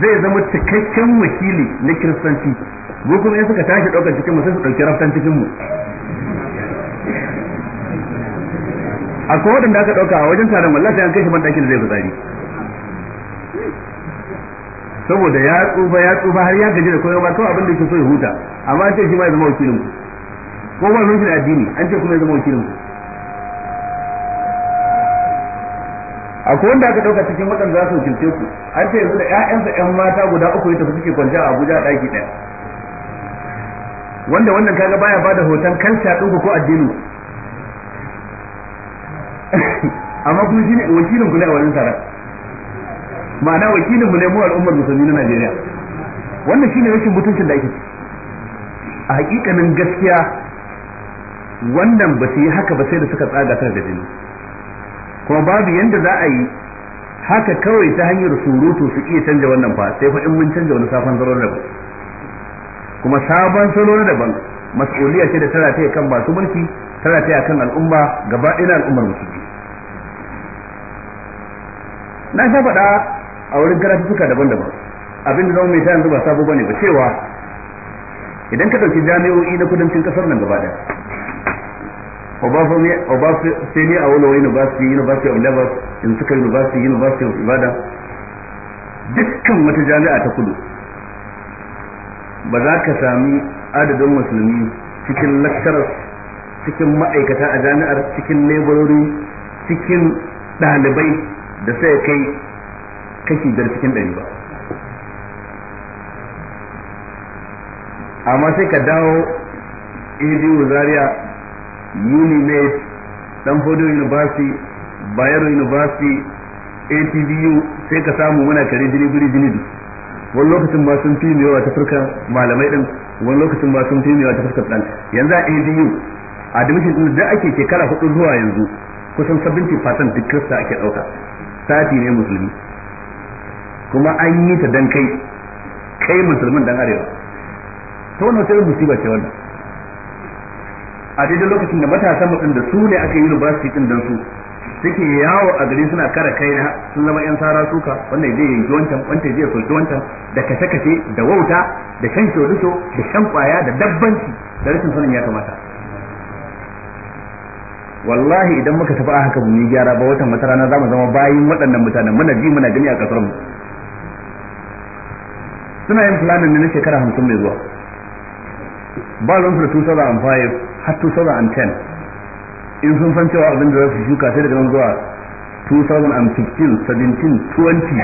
zai zama cikakken wakili na kiristanci mu kuma in suka tashi ɗaukar cikin mu sai su ɗauki raftan cikin mu akwai waɗanda aka ɗauka a wajen taron wallahi an kai shi ban ɗakin zai tsari saboda ya tsufa ya tsufa har ya gaji da koyarwa kawai abin da yake so ya huta amma an ce shi ma ya zama wakilin ku ko ba mun da addini an ce kuma ya zama wakilin ku akwai wanda aka dauka cikin waɗanda za su wakilce ku an ce yanzu da ƴaƴansa ƴan mata guda uku ya tafi suke kwanciya a Abuja a ɗaki ɗaya wanda wannan kaga baya bada hoton kalta ɗinku ko addini amma kuma shine wakilin ku ne a wajen taron ma'ana wakilin mu ne mu al'ummar musulmi na Najeriya wannan shine rashin mutuncin da ake a hakikanin gaskiya wannan ba su yi haka ba sai da suka tsaga ta da jini kuma babu yadda za a yi haka kawai ta hanyar surutu su iya canja wannan ba sai fa in mun canja wani sabon da daban kuma sabon da daban mas'uliya ce da ta taya kan masu mulki tana taya kan al'umma gaba ɗaya al'ummar musulmi na ta faɗa a wurin karatuttuka daban-daban abin da zama mai ta yanzu ba sabo bane ba cewa idan ka dauki jami'o'i na kudancin kasar nan gaba daya Obafemi a wani University, University of Lagos, in suka University, University of Ibadan, dukkan wata jami'a ta kudu ba za ka sami adadin musulmi cikin lecturers cikin ma'aikata a jami'ar cikin laborori cikin ɗalibai da sai kai kashi biyar cikin ɗari ba amma sai ka dawo ADU Zaria Unimed Danfodo University Bayero University ATVU sai ka samu muna kare jirgin guri jini duk wani lokacin ma sun fi mewa ta fuskar malamai din wani lokacin ma sun fi mewa ta fuskar dan yanzu a ADU admission din da ake shekara hudu zuwa yanzu kusan 70% duk kirista ake dauka sati ne musulmi kuma an yi ta dan kai kai musulmin dan arewa to wannan sai musiba ce wannan a daidai lokacin da matasa mutum da su ne aka yi university din dan su suke yawo a gari suna kara kaina sun zama yan sara suka wannan zai yi wancan wancan zai soki wancan da kace kace da wauta da shan shoduto da shan kwaya da dabbanci da rashin sanin ya kamata wallahi idan muka tafi a haka mu yi gyara ba watan wata rana zamu zama bayin waɗannan mutanen muna ji muna gani a kasar mu suna yin planning ne na shekara hamsin mai zuwa ba zan su da 2005 har 2010 in sun san cewa abin da za su shuka sai daga nan zuwa 2015 17 20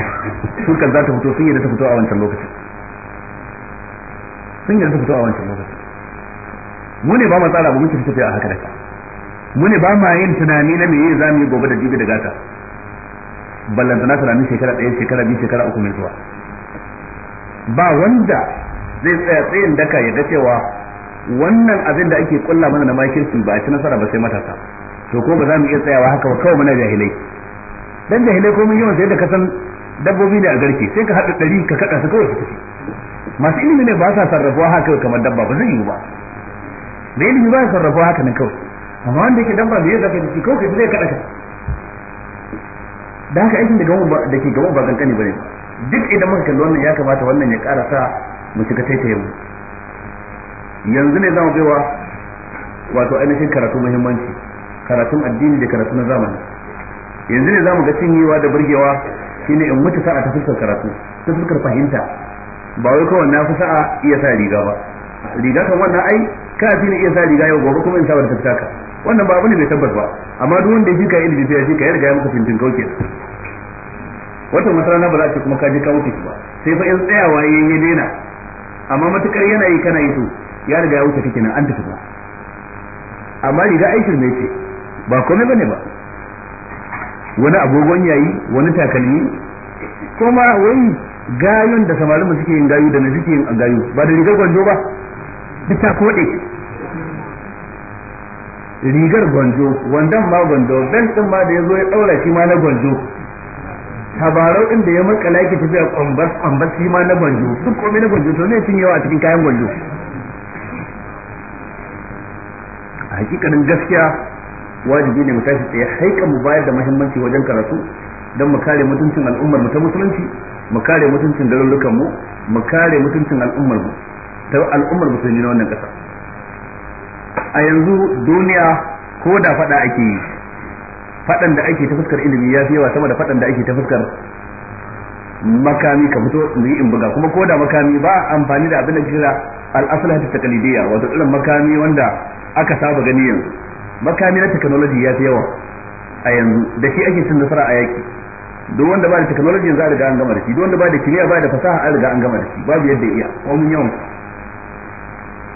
shukar za ta fito sun yi da ta fito a wancan lokacin sun yi da ta fito a wancan lokacin mu ne ba mu tsara mu tafi a haka da ka mu ne ba ma yin tunani na me za mu yi gobe da jibi da gata ballantana tunanin shekara ɗaya shekara biyu shekara uku mai zuwa ba wanda zai tsaya tsayin daka ya ga cewa wannan abin da ake kulla mana na makirci ba a ci nasara ba sai matasa to ko ba za mu iya tsayawa haka ba kawai muna jahilai dan jahilai ko mun yawan sai da kasan dabbobi ne a garke sai ka haɗa ɗari ka kaɗa su kawai su tafi masu ilimi ne ba sa sarrafuwa haka kamar dabba ba zai yi ba da ilimi ba sa sarrafuwa haka nan kawai amma wanda yake dabba da ya zaka da shi kawai zai kaɗa ka da haka aikin da ke gaban ba kani ba ne ba duk idan muka kalli wannan ya kamata wannan ya ƙara sa mu shiga taitaye mu yanzu ne zamu baiwa wato ainihin karatu muhimmanci karatun addini da karatu na zamani yanzu ne zamu ga cinyewa da burgewa shine in mutu sa'a ta fuskar karatu ta fuskar fahimta ba wai kawai na fi sa'a iya sa riga ba riga kan wannan ai ka fi ni iya sa riga yau gobe kuma in sa ba ta taka wannan ba abu ne bai tabbas ba amma duk wanda ya fi ka ilimi sai ya fi ka yarda ya maka fintin kauke wata masarana ba za a ce kuma ka je ka wuce ba sai fa in tsayawa yayin ya daina amma matukar yana yi kana yi to ya riga ya wuce kake nan an tafi ba amma riga aikin mai ce ba komai bane ba wani agogon yayi wani takalmi kuma wai gayun da samarin mu suke yin gayu da na suke yin gayu ba da rigar gwanjo ba duk ta kode rigar gwanjo wandan ma gwanjo ben din ma da yazo ya daura shi ma na gwanjo tabarau din da ya makala yake tafiya kwambas kwambas shi ma na gwanjo duk komai na gwanjo to ne cin yawa a cikin kayan gwanjo a hakikanin gaskiya wajibi ne mu tashi tsaye haika mu bayar da muhimmanci wajen karatu don mu kare mutuncin al'ummar mu ta musulunci mu kare mutuncin garurukan mu mu kare mutuncin al'ummar mu ta al'ummar mu sun yi na wannan kasa a yanzu duniya ko da fada ake yi fadan da ake ta fuskar ilimi ya fi yawa sama da fadan da ake ta fuskar makami ka fito mu yi in buga kuma ko da makami ba amfani da abin da kira al-aslah ta taqlidiyya wato irin makami wanda aka saba gani yanzu makami na technology ya fi yawa a yanzu da shi ake cin nasara a yaki duk wanda ba da technology za a riga an gama da shi duk wanda ba da kimiyya ba da fasaha an riga an gama da shi babu yadda iya kuma mun yawan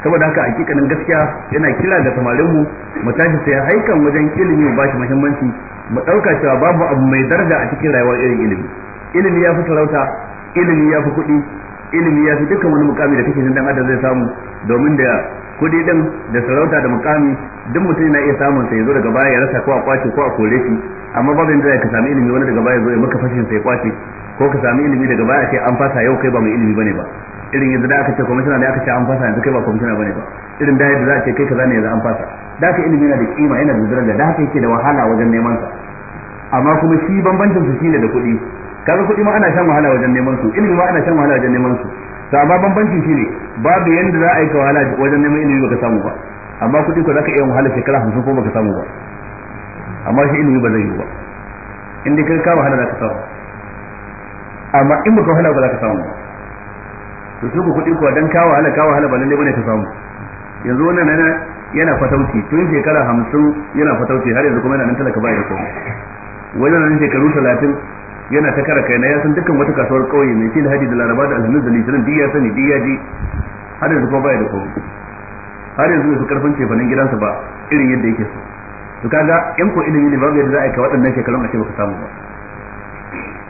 saboda haka hakikanin gaskiya yana kira da samarin mu mu tashi sai haikan wajen ilimi ba shi muhimmanci mu dauka cewa babu abu mai daraja a cikin rayuwar irin ilimi ilimi ya fi sarauta ilimi ya fi kuɗi ilimi ya fi dukkan wani mukami da kake jin dan adam zai samu domin da kuɗi din da sarauta da mukami duk mutum yana iya samun sai zo daga baya ya rasa ko a kwace ko a kore shi amma babu inda ka sami ilimi wani daga baya zo ya maka fashin sai kwace ko ka sami ilimi daga baya sai an fasa yau kai ba mai ilimi bane ba irin yanzu da aka ce kwamishina da aka ce an fasa yanzu kai ba kwamishina bane ba irin da yadda za a ce kai kaza ne yanzu an fasa da aka ilimi yana da kima yana da daraja da haka yake da wahala wajen neman sa amma kuma shi bambancin su shine da kuɗi kaga kuɗi ma ana shan wahala wajen neman su ilimi ma ana shan wahala wajen neman su to amma bambancin shine babu yanda za a yi ka wahala wajen neman ilimi baka samu ba amma kuɗi ko zaka iya wahala shekara hamsin ko baka samu ba amma shi ilimi ba zai yi ba in dai kai ka wahala za ka samu amma in baka wahala ba ka samu ba to su ku kuɗi kuwa dan kawo hala kawo hala ba lalle bane ta samu yanzu wannan yana yana fatauci tun shekara hamsin yana fatauci har yanzu kuma yana nan talaka ba ya komai wannan nan shekaru talatin yana ta kara kaina ya san dukkan wata kasuwar kauye mai shi da hadi da laraba da alhamdu da litinin duk ya sani duk ya ji har yanzu kuma ba ya da komai har yanzu bai fi karfin cefanen gidansa ba irin yadda yake so to kaga in ko ilimi ne babu yadda za a yi ka waɗannan shekarun a ce baka samu ba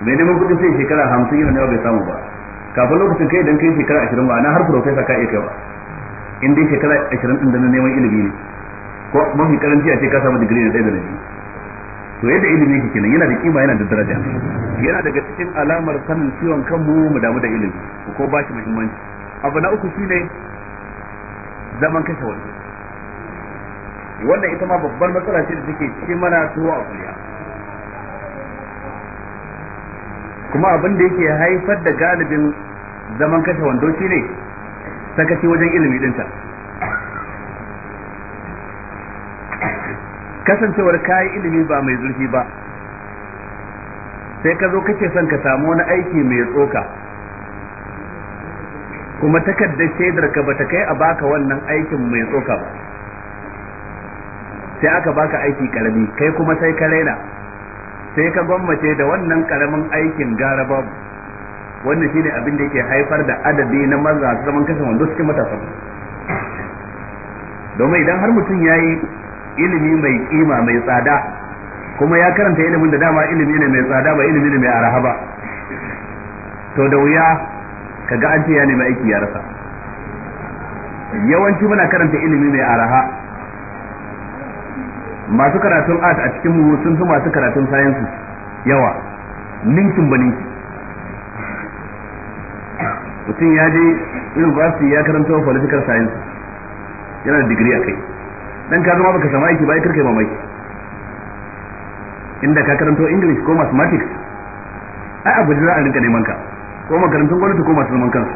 mai neman kuɗin sai shekara hamsin yana ne bai samu ba kafin lokacin kai idan kai shekara ashirin ba na har profesa ka iya kai ba in dai shekara ashirin din da na neman ilimi ne ko mafi karanci a ce ka samu digiri na ɗaya da na biyu to yadda ilimi yake kenan yana da kima yana da daraja yana daga cikin alamar sanin ciwon kanmu mu damu da ilimi ko ba shi muhimmanci abu na uku shine zaman kashe wani wannan ita ma babbar matsala ce da take cikin mana tuwo a kuliya kuma abin da yake haifar da galibin zaman kashe wando shi ne, sakaci wajen ilimi dinta kasancewar kayi ilimi ba mai zurfi ba sai ka zo kake son ka samu wani aiki mai tsoka kuma takardar shaidar ka bata kai a baka wannan aikin mai tsoka ba sai aka baka aiki karami kai kuma sai ka raina sai ka gwammace da wannan karamin aikin gara babu wannan shine abin da yake haifar da adadi na maza zaman kashe wando suke matasa domin idan har mutum ya yi ilimi mai kima mai tsada kuma ya karanta ilimin da dama ilimi ne mai tsada ba ilimi ne mai araha ba to da wuya kaga an ce ya nemi aiki ya rasa yawanci muna karanta ilimi mai araha masu karatun art a cikin mu sun fi masu karatun sayansu yawa ninkin ba ninkin. mutum ya je university ya karanta wa political science yana da digiri a kai dan ka zama baka samu aiki ba kai mamaki inda ka karanto english ko mathematics ai abu da za a rinka neman ka ko makarantun gwamnati ko masu neman kansu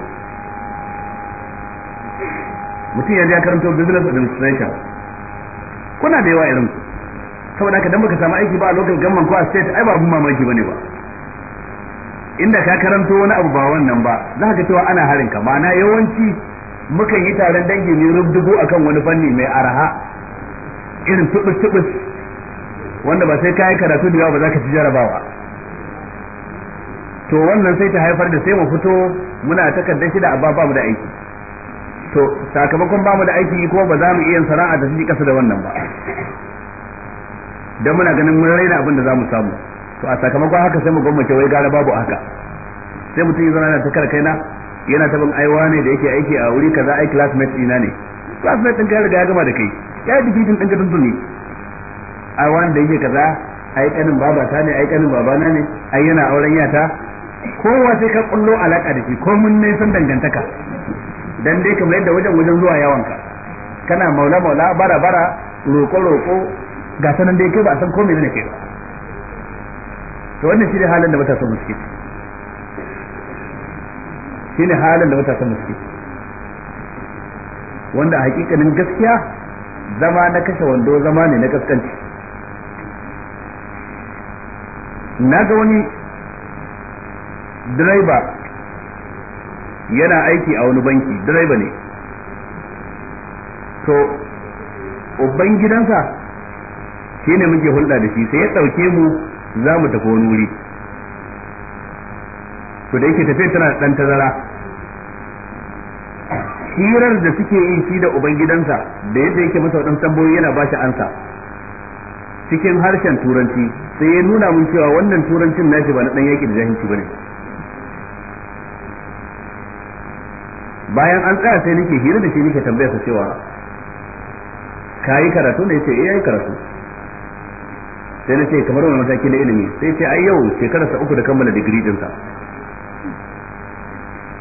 mutum ya je ya karanto business administration kuna da yawa irin saboda haka dan baka samu aiki ba a lokacin gamman ko a state ai ba abun mamaki bane ba inda ka karanto wani abu ba wannan ba za ka cewa ana harin ka ma'ana yawanci muka yi taron dangi ne rubdugu akan wani fanni mai araha irin tubus tubus wanda ba sai kayi karatu da ba za ka ci jarabawa to wannan sai ta haifar da sai mu fito muna takardar shi da abba ba mu da aiki to sakamakon ba mu da aiki kuma ba za mu iya sana'a da shi kasa da wannan ba dan muna ganin mun raina abin da za mu samu to a sakamakon haka sai mu gwamnati wai gara babu haka sai mutum ya na yana takar kaina yana tabin aiwa ne da yake aiki a wuri kaza ai classmate ina ne classmate din kai riga ya gama da kai ya yi digitin din ka tuntuni ai da yake kaza ai kanin baba ta ne ai kanin baba na ne ai yana auren yata kowa sai ka kullo alaka da shi ko mun ne san dangantaka dan dai kamar yadda wajen wajen zuwa yawan ka kana maula maula bara bara roko roko ga sanan dai kai ba san komai ne ke ba to wannan shine halin da matasan mu suke shine halin da matasan mu suke wanda a hakikanin gaskiya zama na kashe wando zama ne na kaskanci na ga wani direba yana aiki a wani banki direba ne to ubangidansa gidansa muke hulɗa da shi sai ya ɗauke mu za mu tafi wani wuri to da yake tafiya tana dan tazara hirar da suke yi shi da ubangidansa da yadda yake masa wadan tambayoyi yana ba shi ansa cikin harshen turanci sai ya nuna mun cewa wannan turancin nashi ba na dan yaki da jahilci bane bayan an tsaya sai nake hira da shi nake tambayar sa cewa kayi karatu ne sai ya eh, yayi karatu sai na ce kamar wani mataki na ilimi sai ce ai yau shekara sa uku da kammala digiri din sa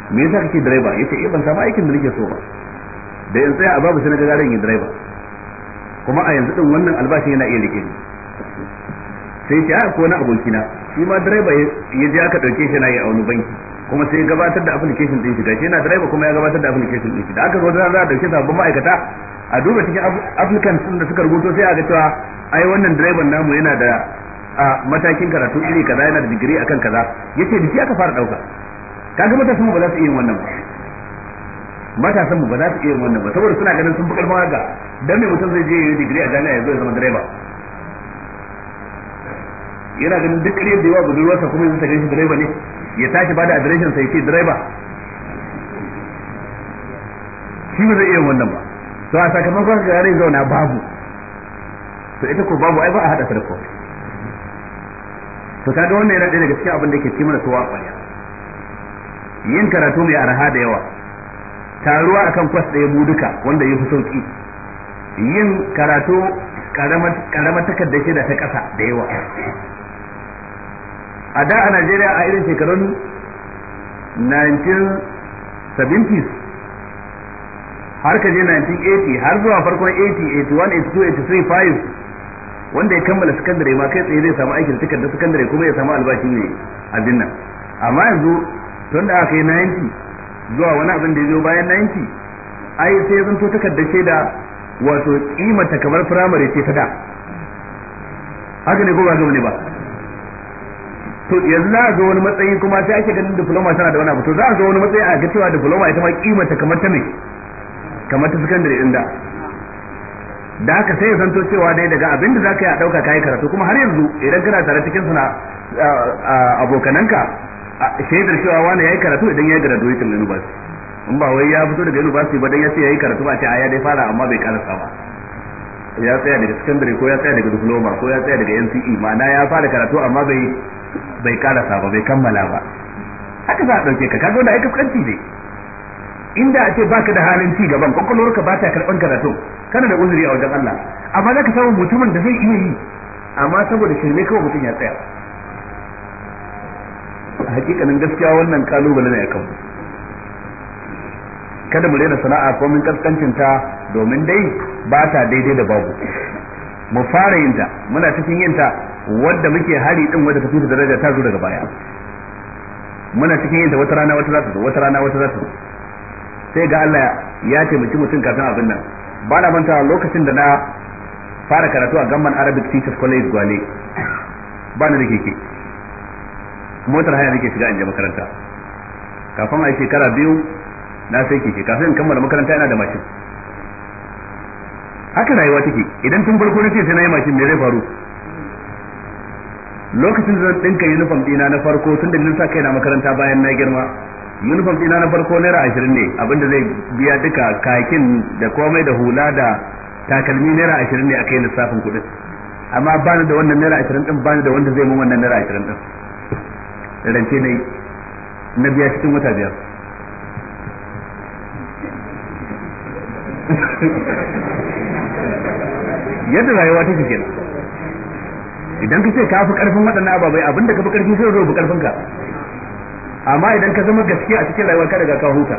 me yasa kake direba yace eh ban samu aikin da nake so ba da in tsaya a babu sai na ga garin yin direba kuma a yanzu din wannan albashi yana iya rike ni sai ce a ah, ko na abokina shi ma direba ya je aka dauke shi na yi a wani banki kuma sai gabatar da application din shi gashi yana direba kuma ya gabatar da application din shi da aka zo da za a dauke sabbin ma'aikata a duba cikin sun da suka rubuto sai a ga cewa ai wannan direban namu yana da a matakin karatu iri kaza yana da digiri akan kaza yace da shi aka fara dauka kaga matasan mu ba za su iya yin wannan ba matasan mu ba za su iya yin wannan ba saboda suna ganin sun fi karfin haka dan me mutum zai je yi digiri a jami'a ya zo ya zama direba yana ganin duk kare da yawa budurwarsa kuma yanzu ta shi direba ne ya tashi bada adireshin ya ce direba shi ba zai iya wannan ba to a sakamakon ga zai zauna babu to ita ko babu ai ba a hada ta da komai to kaga wannan yana daga cikin abin da yake ci mana tuwa kwaliya yin karatu mai arha da yawa taruwa akan kwas ɗaya ya duka wanda ya fi sauki yin karatu karamar takarda ce da ta ƙasa da yawa a da a Najeriya a irin shekarun 1970s har ka je 1980 har zuwa farkon 80 81 82 83 5 wanda ya kammala sakandare ma kai tsaye zai samu aikin tukar da sakandare kuma ya samu albashi ne abin nan amma yanzu tun da aka yi 90 zuwa wani abin da ya zo bayan 90 ai sai ya zanto takardar shaida wato kimanta kamar firamare ce ta da haka ne ko ba gama ne ba to yanzu za a zo wani matsayi kuma sai ake ganin diploma tana da wani abu to za a zo wani matsayi a ga cewa diploma ita ma kimanta kamar ta ne kamar ta sakandare din da da haka sai ya zanto cewa dai daga abin da zaka yi a dauka kai karatu kuma har yanzu idan kana tare cikin suna abokananka shaidar cewa wani yayi karatu idan yayi graduation din ba in ba wai ya fito daga university ba dan ya ce yayi karatu ba ce a ya dai fara amma bai karasa ba ya tsaya daga secondary ko ya tsaya daga diploma ko ya tsaya daga NCE ma'ana ya fara karatu amma bai bai karasa ba bai kammala ba haka za a dauke ka kaga wanda ai kaskanci ne inda a ce baka da halin ci gaban kwakwalwarka ba ta karɓar karatu kana da uzuri a wajen Allah amma za ka samu mutumin da zai iya yi amma saboda shirme kawai mutum ya tsaya hakikanin gaskiya wannan kalubale ne akan kada mu daina sana'a ko min kaskancin ta domin dai ba ta daidai da babu mu fara yin ta muna cikin yin ta wadda muke hari din wadda ta da daraja ta zo daga baya muna cikin yin ta wata rana wata za ta zo wata rana wata za ta zo sai ga Allah ya taimaki mutum kafin abin nan ba na manta lokacin da na fara karatu a gamman arabic teachers college gwale ba na da keke motar haya nake shiga in je makaranta kafin a shekara biyu na sai keke kafin in kammala makaranta yana da mashin haka rayuwa take idan tun farko ce sai na yi mashin me zai faru lokacin da zan dinka uniform dina na farko tun da nisa kai na makaranta bayan na girma yunifom ɗina na farko naira ashirin ne abinda zai biya duka kakin da komai da hula da takalmi naira ashirin ne aka yi lissafin kuɗin amma bani da wannan naira ashirin ɗin bani da wanda zai mun wannan naira ashirin ɗin rance ne na biya cikin wata biyar yadda rayuwa take kenan idan ka ce ka fi karfin waɗannan ababai abinda ka fi karfi sai zo bi karfin ka amma idan ka zama gaskiya a cikin rayuwar ka daga ka huta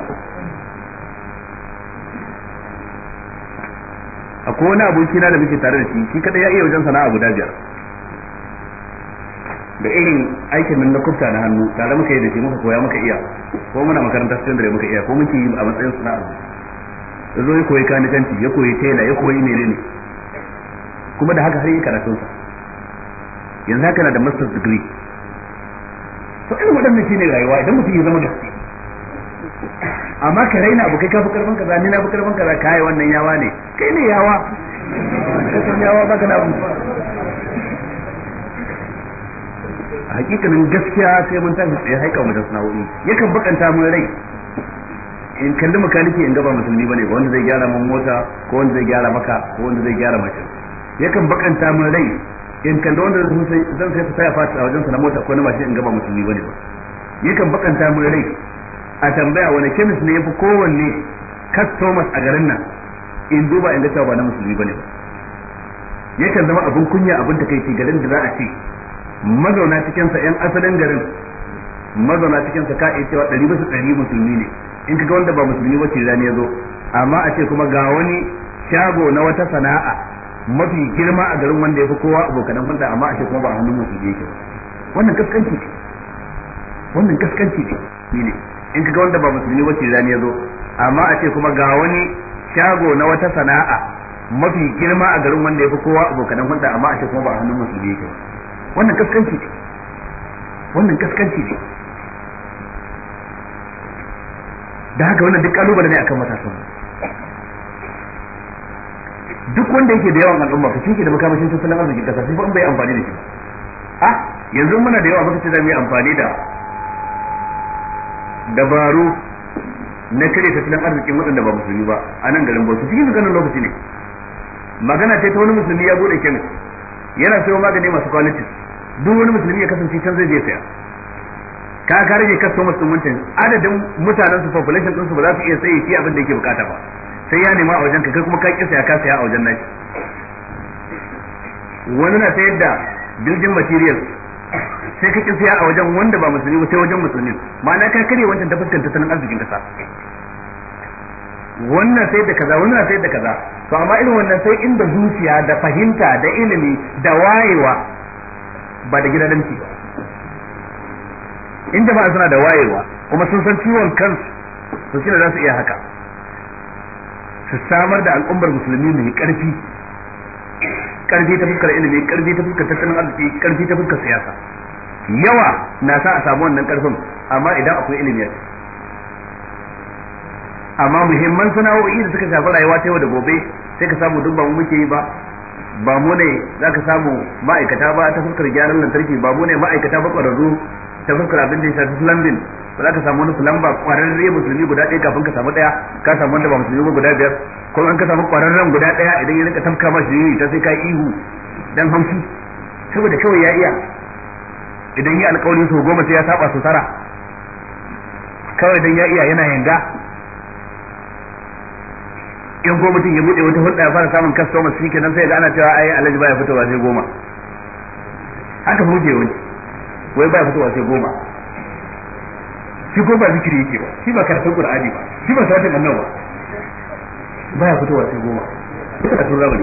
akwai wani aboki na da muke tare da shi shi kada ya iya wajen sana'a guda biyar da irin aikin nan na kufta na hannu tare muka yi da shi muka koya muka iya ko muna makarantar secondary muka iya ko muke yi a matsayin sana'a ya zo ya koyi kanikanci ya koyi tela ya koyi ne kuma da haka har yi karatunsa yanzu haka na da master's degree to irin waɗannan shine rayuwa idan mutum ya zama gaske amma ka raina abu kai ka fi karfin kaza ni na fi karfin kaza kai wannan yawa ne kai ne yawa ka yawa ba ka na a hakikanin gaskiya sai mun tafi tsaye haika mu da sanawoyi yakan bakanta mun rai in kalli makaniki in gaba musulmi bane ba wanda zai gyara mun mota ko wanda zai gyara maka ko wanda zai gyara mashin yakan bakanta mun rai in kan da wanda zan sai zan sai ta fata a wajen sa na mota ko na mashin in gaba musulmi bane ba yakan bakanta mun rai a tambaya wani kemis ne yafi kowanne customers a garin nan in duba in ga cewa ba na musulmi bane ba yakan zama abun kunya abin ke garin da za a ce mazauna cikin sa yan asalin garin mazauna cikin sa ka iya cewa ɗari bisa ɗari musulmi ne in kaga wanda ba musulmi ba ce zan ya zo amma a ce kuma ga wani shago na wata sana'a mafi girma a garin wanda ya fi kowa abokanan hulɗa amma a kuma ba a hannun musulmi yake wannan kaskanci ce wannan kaskanci ce ne in kaga wanda ba musulmi ba zan ya zo amma a ce kuma ga wani shago na wata sana'a mafi girma a garin wanda ya fi kowa abokanan hulɗa amma a kuma ba a hannun musulmi yake wannan kaskanci ce wannan kaskanci ce da haka wannan duk kalubale ne akan matasan duk wanda yake da yawan al'umma fa shi ke da makamashin tattalin arzikin kasa sai fa in bai amfani da shi a yanzu muna da yawa muka ce za mu yi amfani da dabaru na kare tattalin arzikin waɗanda ba musulmi ba a nan garin Bauchi cikin dukkanin lokaci ne magana ce ta wani musulmi ya bude kemis yana sayo magani masu kwalitin duk wani musulmi ya kasance can zai je saya ka ka rage customers din adadin mutanen su population ɗinsu ba za su iya saye shi abin da yake bukata ba sai ya nema a wajen ka kai kuma ka kisa ya kasa ya a wajen naki wani na sayar da building material sai ka kisa ya a wajen wanda ba musulmi ba sai wajen musulmi ma'ana ka kare wancan ta fuskanta tattalin arzikin kasa wannan sai da kaza wannan sai da kaza to amma irin wannan sai inda zuciya da fahimta da ilimi da wayewa ba da gidadanci ba inda ba suna da wayewa kuma sun san ciwon kansu to shine za su iya haka su samar da al'ummar musulmi mai karfi karfi ta fuskar ilimi karfi ta fuskar tattalin arziki karfi ta fuskar siyasa yawa na sa a samu wannan karfin amma idan akwai ilimi amma muhimman sana'o'i da suka shafi rayuwa ta yau da gobe sai ka samu duk ba mu muke yi ba ba mu ne za ka samu ma'aikata ba ta fuskar gyaran lantarki ba mu ne ma'aikata ba ƙwararru tazakkar abin da ya shafi plumbing ba za ka samu wani plumber kwararre musulmi guda ɗaya kafin ka samu ɗaya ka samu wanda ba musulmi guda biyar ko an ka samu kwararren guda ɗaya idan ya rinka tamka ma shi ta sai ka ihu dan hamsi saboda kawai ya iya idan yi alƙawarin su goma sai ya saba su tara kawai dan ya iya yana yanga in goma mutum ya buɗe wata hulɗa ya fara samun customers shi kenan sai ga ana cewa ai alhaji baya fitowa sai goma haka hujewa ne wai ba fitowa sai goma shi ko ba zikiri yake ba shi ba karfin qur'ani ba shi ba salatin annabi ba ba ya fitowa sai goma duka da turra ba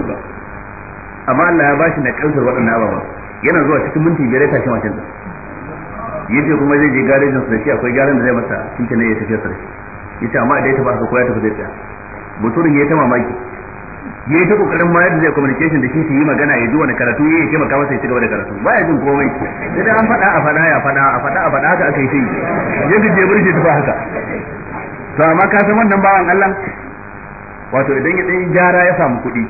amma Allah ya bashi na kansar waɗannan ababa yana zuwa cikin minti biyar ta shi wancan da yace kuma zai je garejin su da shi akwai gyaran da zai masa shi ne ya tafi sarki yace amma dai ta ba ka koya tafi zai tsaya mutumin ya ta mamaki ya yi ta kokarin ma yadda zai communication da shi su yi magana ya ji wani karatu ya yi ke makawa ya cigaba da karatu ba ya jin komai idan an faɗa a faɗa ya faɗa a faɗa a faɗa haka aka yi shi yadda je burge ta haka to amma ka san wannan bawan Allah wato idan ya dan gyara ya samu kuɗi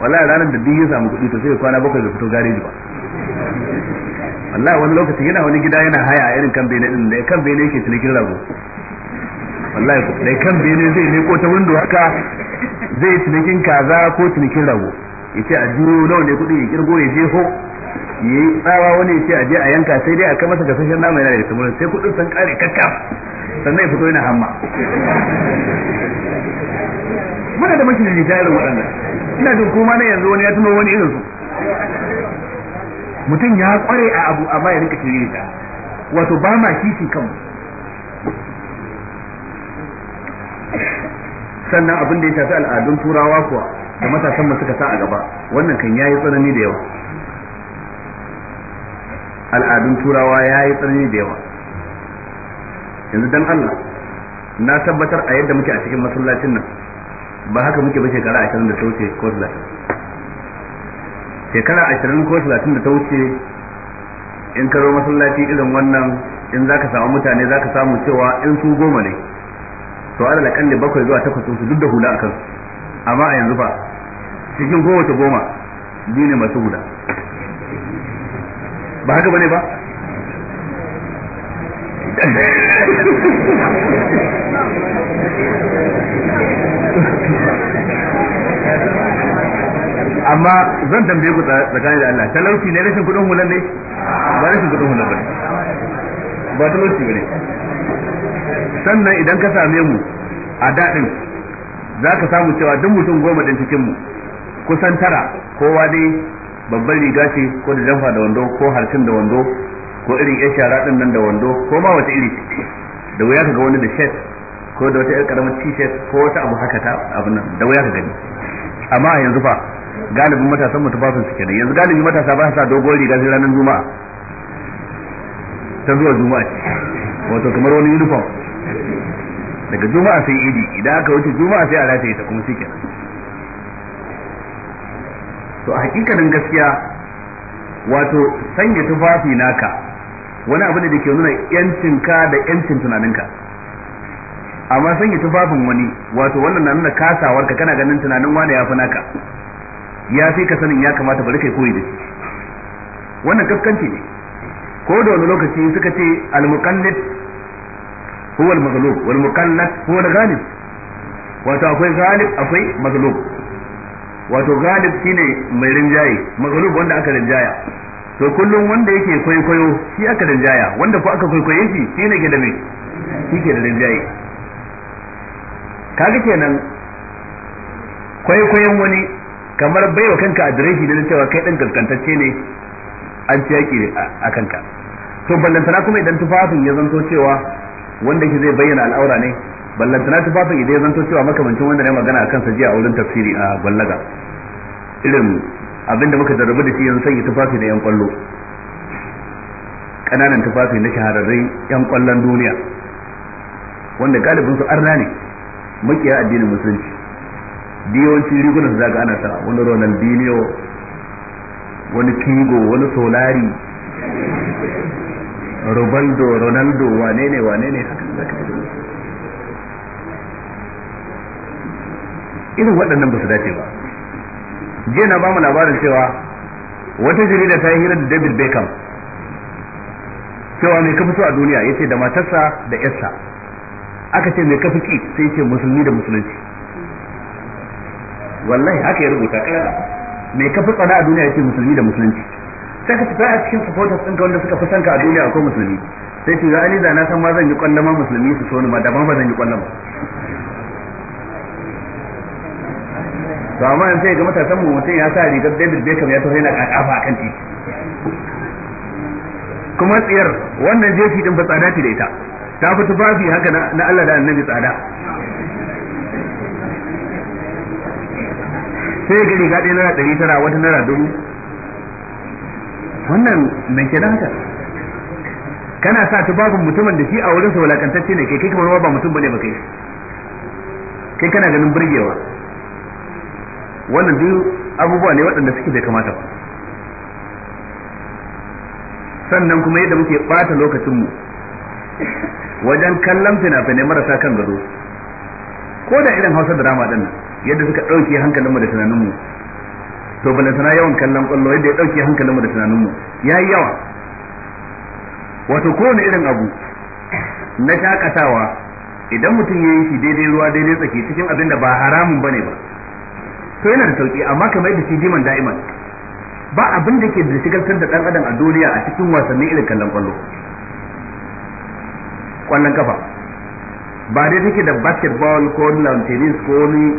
wallahi ranar da duk ya samu kuɗi to sai ya kwana bakwai da fito gareji ba wallahi wani lokaci yana wani gida yana haya irin kan bene din da kan bene yake cinikin rago wallahi da kan bene zai ne ko ta windo haka zai yi cinikin kaza ko cinikin rago ya ce a juyo nawa ne kuɗi ya kirgo ya je ho ya yi tsawa wani ya ce a je a yanka sai dai a kai masa gasashen nama yana da samurin sai kuɗin sun kare kakka sannan ya fito yana hamma muna da mashi da irin waɗanda ina jin kuma na yanzu wani ya tuno wani irin su mutum ya kware a abu amma ya rinka shirye ta wato ba ma kishi kanmu sannan abin da ya shafi al'adun turawa kuwa da matasan suka sa a gaba wannan kan yayi tsanani da yawa al'adun turawa yayi tsanani da yawa yanzu dan Allah na tabbatar a yadda muke a cikin masallacin nan ba haka muke ba shekara ashirin da ta wuce ko 30 shekara ashirin ko 30 da ta wuce in karo masallaci irin wannan in za ka samu mutane za ka samu cewa in su goma ne to ala da kalli bakwai zuwa takwas su duk da hula akan amma a yanzu ba cikin kowace goma biyu ne masu hula ba haka bane ba amma zan tambaye ku tsakanin da Allah talauci ne rashin kudin hulan ne ba rashin kudin hulan ba ba talauci ba ne sannan idan ka same mu a daɗin za ka samu cewa duk mutum goma ɗin cikin mu kusan tara kowa dai babban riga ce ko da jamfa da wando ko harshen da wando ko irin yan shara ɗin nan da wando ko ma wata iri da wuya ka ga wani da shet ko da wata yar karamar t-shirt ko wata abu haka ta abu nan da wuya ka gani amma a yanzu fa galibin matasan mu tufafin su da yanzu galibin matasa ba sa dogon riga sai ranar juma'a ta zuwa juma'a wato kamar wani uniform daga juma'a sai idi idan aka wuce juma'a sai a rataye ta kuma shike to a hakikanin gaskiya wato sanya tufafi naka wani abu ne da ke nuna ka da yancin tunaninka amma sanya tufafin wani wato wannan na nuna kasawarka kana ganin tunanin wani ya fi naka ya fi ka sanin ya kamata bari kai koyi da shi wannan kaskanci ne ko da wani lokaci suka ce al-muqallid huwa al-maghlub wal mukallaf huwa al-ghalib wato akwai ghalib akwai maghlub wato galib shine mai rinjaye maghlub wanda aka rinjaya to kullum wanda yake kwaikwayo shi aka rinjaya wanda ko aka kwaikwaye shi shine ke da me shi ke da rinjaye kaga kenan kwaikwayon wani kamar baiwa kanka adireshi da cewa kai dan kaskantacce ne an ci yaki a kanka to ballantana kuma idan tufafin ya zanto cewa wanda ke zai bayyana al'aura ne ballantana tufafin idan zanto cewa makamancin wanda ne magana a kansa jiya a wurin tafsiri a ballaga irin abinda muka jarrabu da shi yanzu sanya tufafi na yan kwallo kananan tufafi na shahararrun yan kwallon duniya wanda galibin su arna ne makiya addinin musulunci diyawancin rigunan su zaga ana sa wani ronaldinho wani kingo wani solari Rubaldo Ronaldo wane ne wane ne haka zaka irin waɗannan ba su dace ba jiya na bamu labarin cewa wata jarida ta yi hira da David Beckham cewa mai kafi so a duniya ya ce da matarsa da yarsa aka ce mai kafi ki sai ce musulmi da musulunci wallahi haka ya rubuta kara mai kafi tsana a duniya ya ce musulmi da musulunci sai ka fita a cikin supporters ɗinka wanda suka fi sanka a duniya akwai musulmi sai ce ya da na san ma zan yi kwallama musulmi su so ni ma daban ba zan yi kwallama to amma yanzu sai ga matasan mu mutum ya sa rigar David Beckham ya tafi yana kafa kan titi kuma tsiyar wannan jefi din ba tsada ce da ita ta fi tufafi haka na Allah da Annabi tsada sai ga riga ɗaya naira ɗari tara wata naira dubu wannan ke da haka kana sa tufafin mutumin da shi a wurin sa walakantacce ne kai kai kamar ba mutum bane ba kai kai kana ganin burgewa wannan duk abubuwa ne waɗanda suke bai kamata ba sannan kuma yadda muke ɓata lokacinmu wajen kallon fina-finai marasa kan gado ko da irin hausa drama ɗin yadda suka ɗauke hankalinmu da tunaninmu to balantana yawan kallon kwallo yadda ya dauke hankalinmu da tunaninmu mu yayi yawa wato kowane irin abu na shakatawa idan mutum ya yi shi daidai ruwa daidai tsaki cikin abin da ba haramun bane ba to yana da sauki amma kamar yadda shi diman da'iman ba abin da ke da shigaltar da dan adam a duniya a cikin wasannin irin kallon kwallo kwallon kafa ba dai take da basketball ko lawn tennis ko wani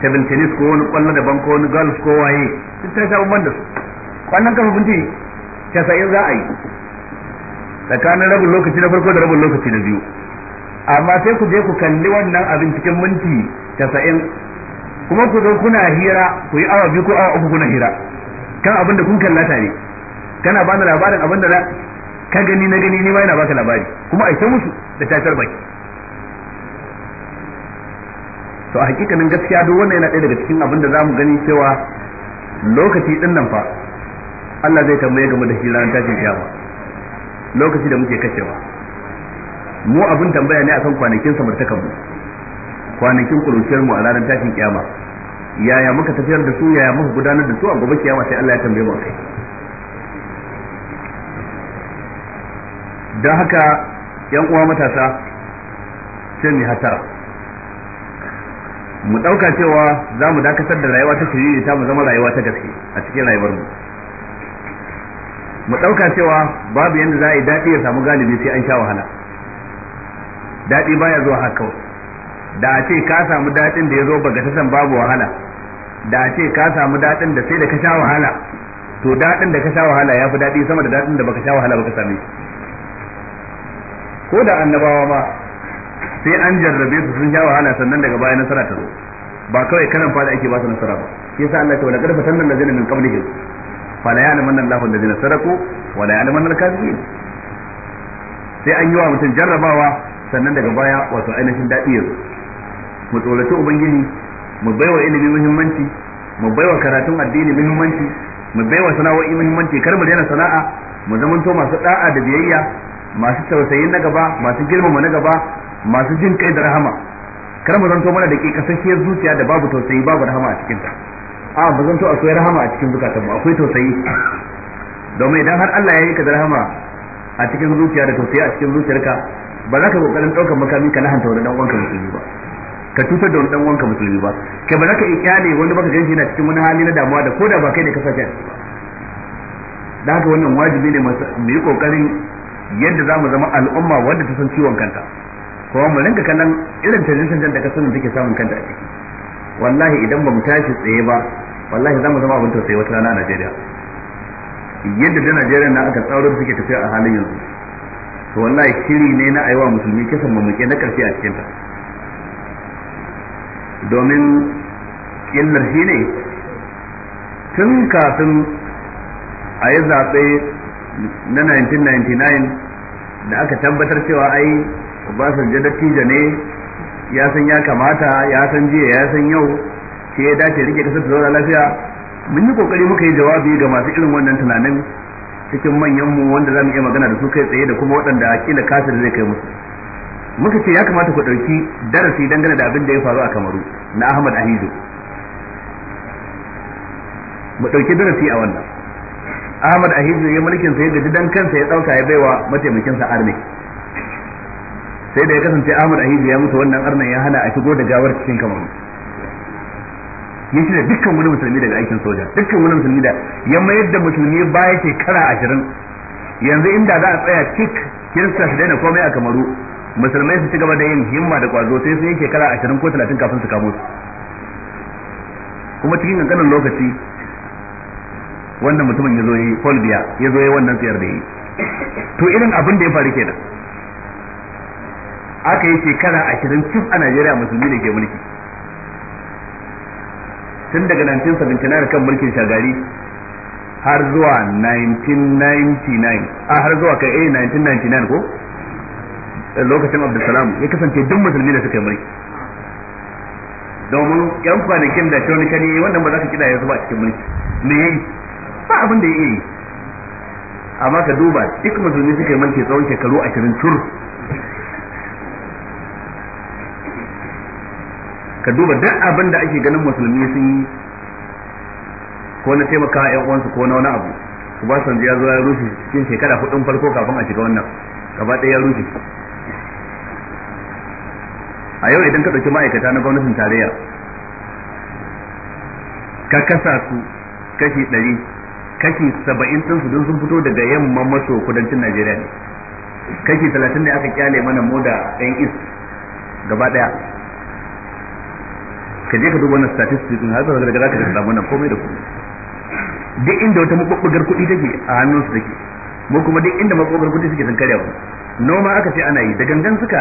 table tennis ko wani kwallo daban ko wani golf ko waye duk ta sabon banda su kwallon kafa bunti casa'in za a yi tsakanin rabin lokaci na farko da rabin lokaci na biyu amma sai ku je ku kalli wannan abin cikin minti casa'in kuma ku zo kuna hira ku yi awa biyu ko awa uku kuna hira kan abin da kun kalla tare kana bani labarin abin da ka gani na gani ni ma yana baka labari kuma a musu da tashar baki to a hakikanin gaskiya duk wannan yana ɗaya daga cikin abin da za mu gani cewa lokaci ɗin nan fa Allah zai tambaye game da shi ranar tashin kiyama lokaci da muke kashewa mu abin tambaya ne akan kwanakin samartakan mu kwanakin kuruciyar mu a ranar tashin kiyama yaya muka tafiyar da su yaya muka gudanar da su a gobe kiyama sai Allah ya tambaye mu kai don haka yan uwa matasa sai mu hatara mu ɗauka cewa za mu dakatar da rayuwa ta shiriri ta mu zama rayuwa ta gaske a cikin rayuwar mu mu ɗauka cewa babu yadda za a yi daɗi ya samu galibi sai an sha wahala daɗi baya zuwa haka da a ce ka samu daɗin da ya zo baga ta san babu wahala da a ce ka samu daɗin da sai da ka sha wahala to daɗin da ka sha wahala ya fi daɗi sama da daɗin da baka sha wahala baka same ko da annabawa ma sai an jarrabe su sun ja wahala sannan daga baya nasara ta zo ba kawai kanan fada ake ba su nasara ba shi yasa Allah ya ce wala qad da zina min qablihim fala ya'lamanna Allahu allazina wa wala ya'lamu annal kadhibin sai an yi wa mutum jarrabawa sannan daga baya wato ainihin dadi ya mu tsorata ubangiji mu baiwa ilimi muhimmanci mu baiwa karatun addini muhimmanci mu baiwa sana'o'i muhimmanci kar mu daina sana'a mu zamanto masu da'a da biyayya masu tausayin na gaba masu girmama na gaba masu jin kai da rahama kar mu zanto mana da ke kasanciyar zuciya da babu tausayi babu rahama a cikinta a ba zanto akwai rahama a cikin zukatan mu akwai tausayi domin idan har Allah ya yi ka da rahama a cikin zuciya da tausayi a cikin zuciyarka ba za ka kokarin daukar makami ka lahanta wani dan uwanka musulmi ba ka tutar da wani dan uwanka musulmi ba kai ba za ka kyale wani baka ganshi yana cikin wani hali na damuwa da koda ba kai ne ka sace da haka wannan wajibi ne mu yi kokarin yadda za mu zama al'umma wadda ta san ciwon kanta kuma mu rinka kallon irin transition da kasan take samun kanta a ciki wallahi idan ba mu tashi tsaye ba wallahi za mu zama abin tausayi wata rana a Najeriya yadda da Najeriya na aka tsaro suke tafiya a halin yanzu to wallahi shiri ne na aiwa musulmi kisan mamuke na karfi a cikin ta domin illar shi ne tun kafin a yi zaɓe na 1999 da aka tabbatar cewa ai je dattijo ne ya san ya kamata ya san jiya ya san yau sai ya dace rike kasar zaura lafiya mun yi kokari muka yi jawabi ga masu irin wannan tunanin cikin manyan mu wanda zamu iya magana da su kai tsaye da kuma waɗanda kila kasir zai kai musu muka ce ya kamata ku ɗauki darasi dangane da abin da ya faru a kamaru na ahmad Ahidu. mu ɗauki darasi a wannan ahmad Ahidu ya mulkin sai ya gaji dan kansa ya ɗauka ya baiwa mataimakinsa arne sai da ya kasance Ahmad Ahidu ya mutu wannan arnan ya hana a shigo da gawar cikin kamaru ya da dukkan wani musulmi daga aikin soja dukkan wani musulmi da ya mayar da musulmi baya shekara ashirin yanzu inda za a tsaya cik kirista su daina komai a kamaru musulmai su ci gaba da yin himma da kwazo sai sun yi shekara ashirin ko talatin kafin su kamo su kuma cikin kankanin lokaci wannan mutumin ya zo yi ya zo yi wannan tsayar da yi to irin abin da ya faru kenan aka yi shekara ashirin cif a Najeriya musulmi da ke mulki tun daga 1979 kan mulkin shagari har zuwa 1999 a har zuwa kai a eh, 1999 ko eh, lokacin Abdulsalam ya kasance duk musulmi da suka yi mulki domin yan kwanakin da wani kani wannan ba za ka kida ya ba a cikin mulki me yi ba abin da ya yi amma ka duba duk musulmi suka yi mulki tsawon shekaru 20 tur ka duba duk abin da ake ganin musulmi sun yi ko na taimaka yan uwansu ko na wani abu Obasanjo ya zo ya rushe cikin shekara hudun farko kafin a shiga wannan gaba ɗaya ya rushe a yau idan ka ɗauki ma'aikata na gwamnatin tarayya ka kasa su kashi ɗari kashi saba'in su don sun fito daga yamma maso kudancin najeriya ne kashi talatin ne aka kyale mana moda yan is gaba ɗaya ka je ka duba wannan statistics din haka daga zaka ga samu nan komai da komai duk inda wata makobgar kuɗi take a hannun su take mu kuma duk inda makobgar kuɗi suke sun karya mu noma aka ce ana yi da gangan suka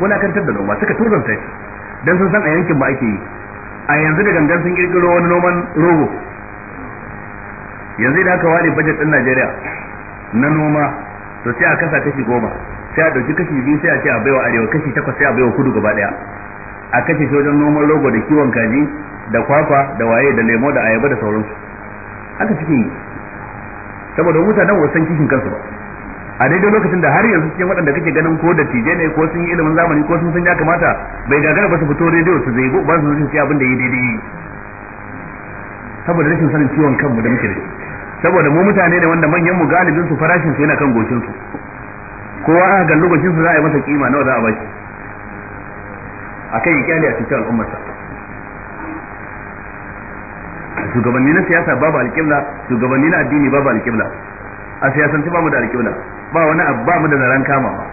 wulakantar da noma suka turbanta shi dan sun san a yankin ba ake yi a yanzu da gangan sun kirkiro wani noman rogo yanzu idan aka ware budget din Najeriya na noma to sai a kasa kashi goma sai a dauki kashi biyu sai a ce a baiwa arewa kashi takwas sai a baiwa kudu gaba daya a kashe shi wajen noman rogo da kiwon kaji da kwakwa da waye da lemo da ayaba da sauransu haka cikin yi saboda mutanen wasu san kishin kansu ba a daidai lokacin da har yanzu cikin waɗanda kake ganin ko da tije ne ko sun yi ilimin zamani ko sun san ya kamata bai gagara ba su fito rediyo su zai ba su zuci abin da yi daidai saboda rashin sanin ciwon kanmu da muke da saboda mu mutane ne wanda manyan mu galibin su farashin su yana kan goshin su kowa aka ga lokacin su za a yi masa kima nawa za a bashi akan ya kyale a cikin al'ummarsa shugabanni na siyasa babu alƙibla shugabanni na addini babu alƙibla a siyasance ba mu da alƙibla ba wani abu ba mu da zaren kama ba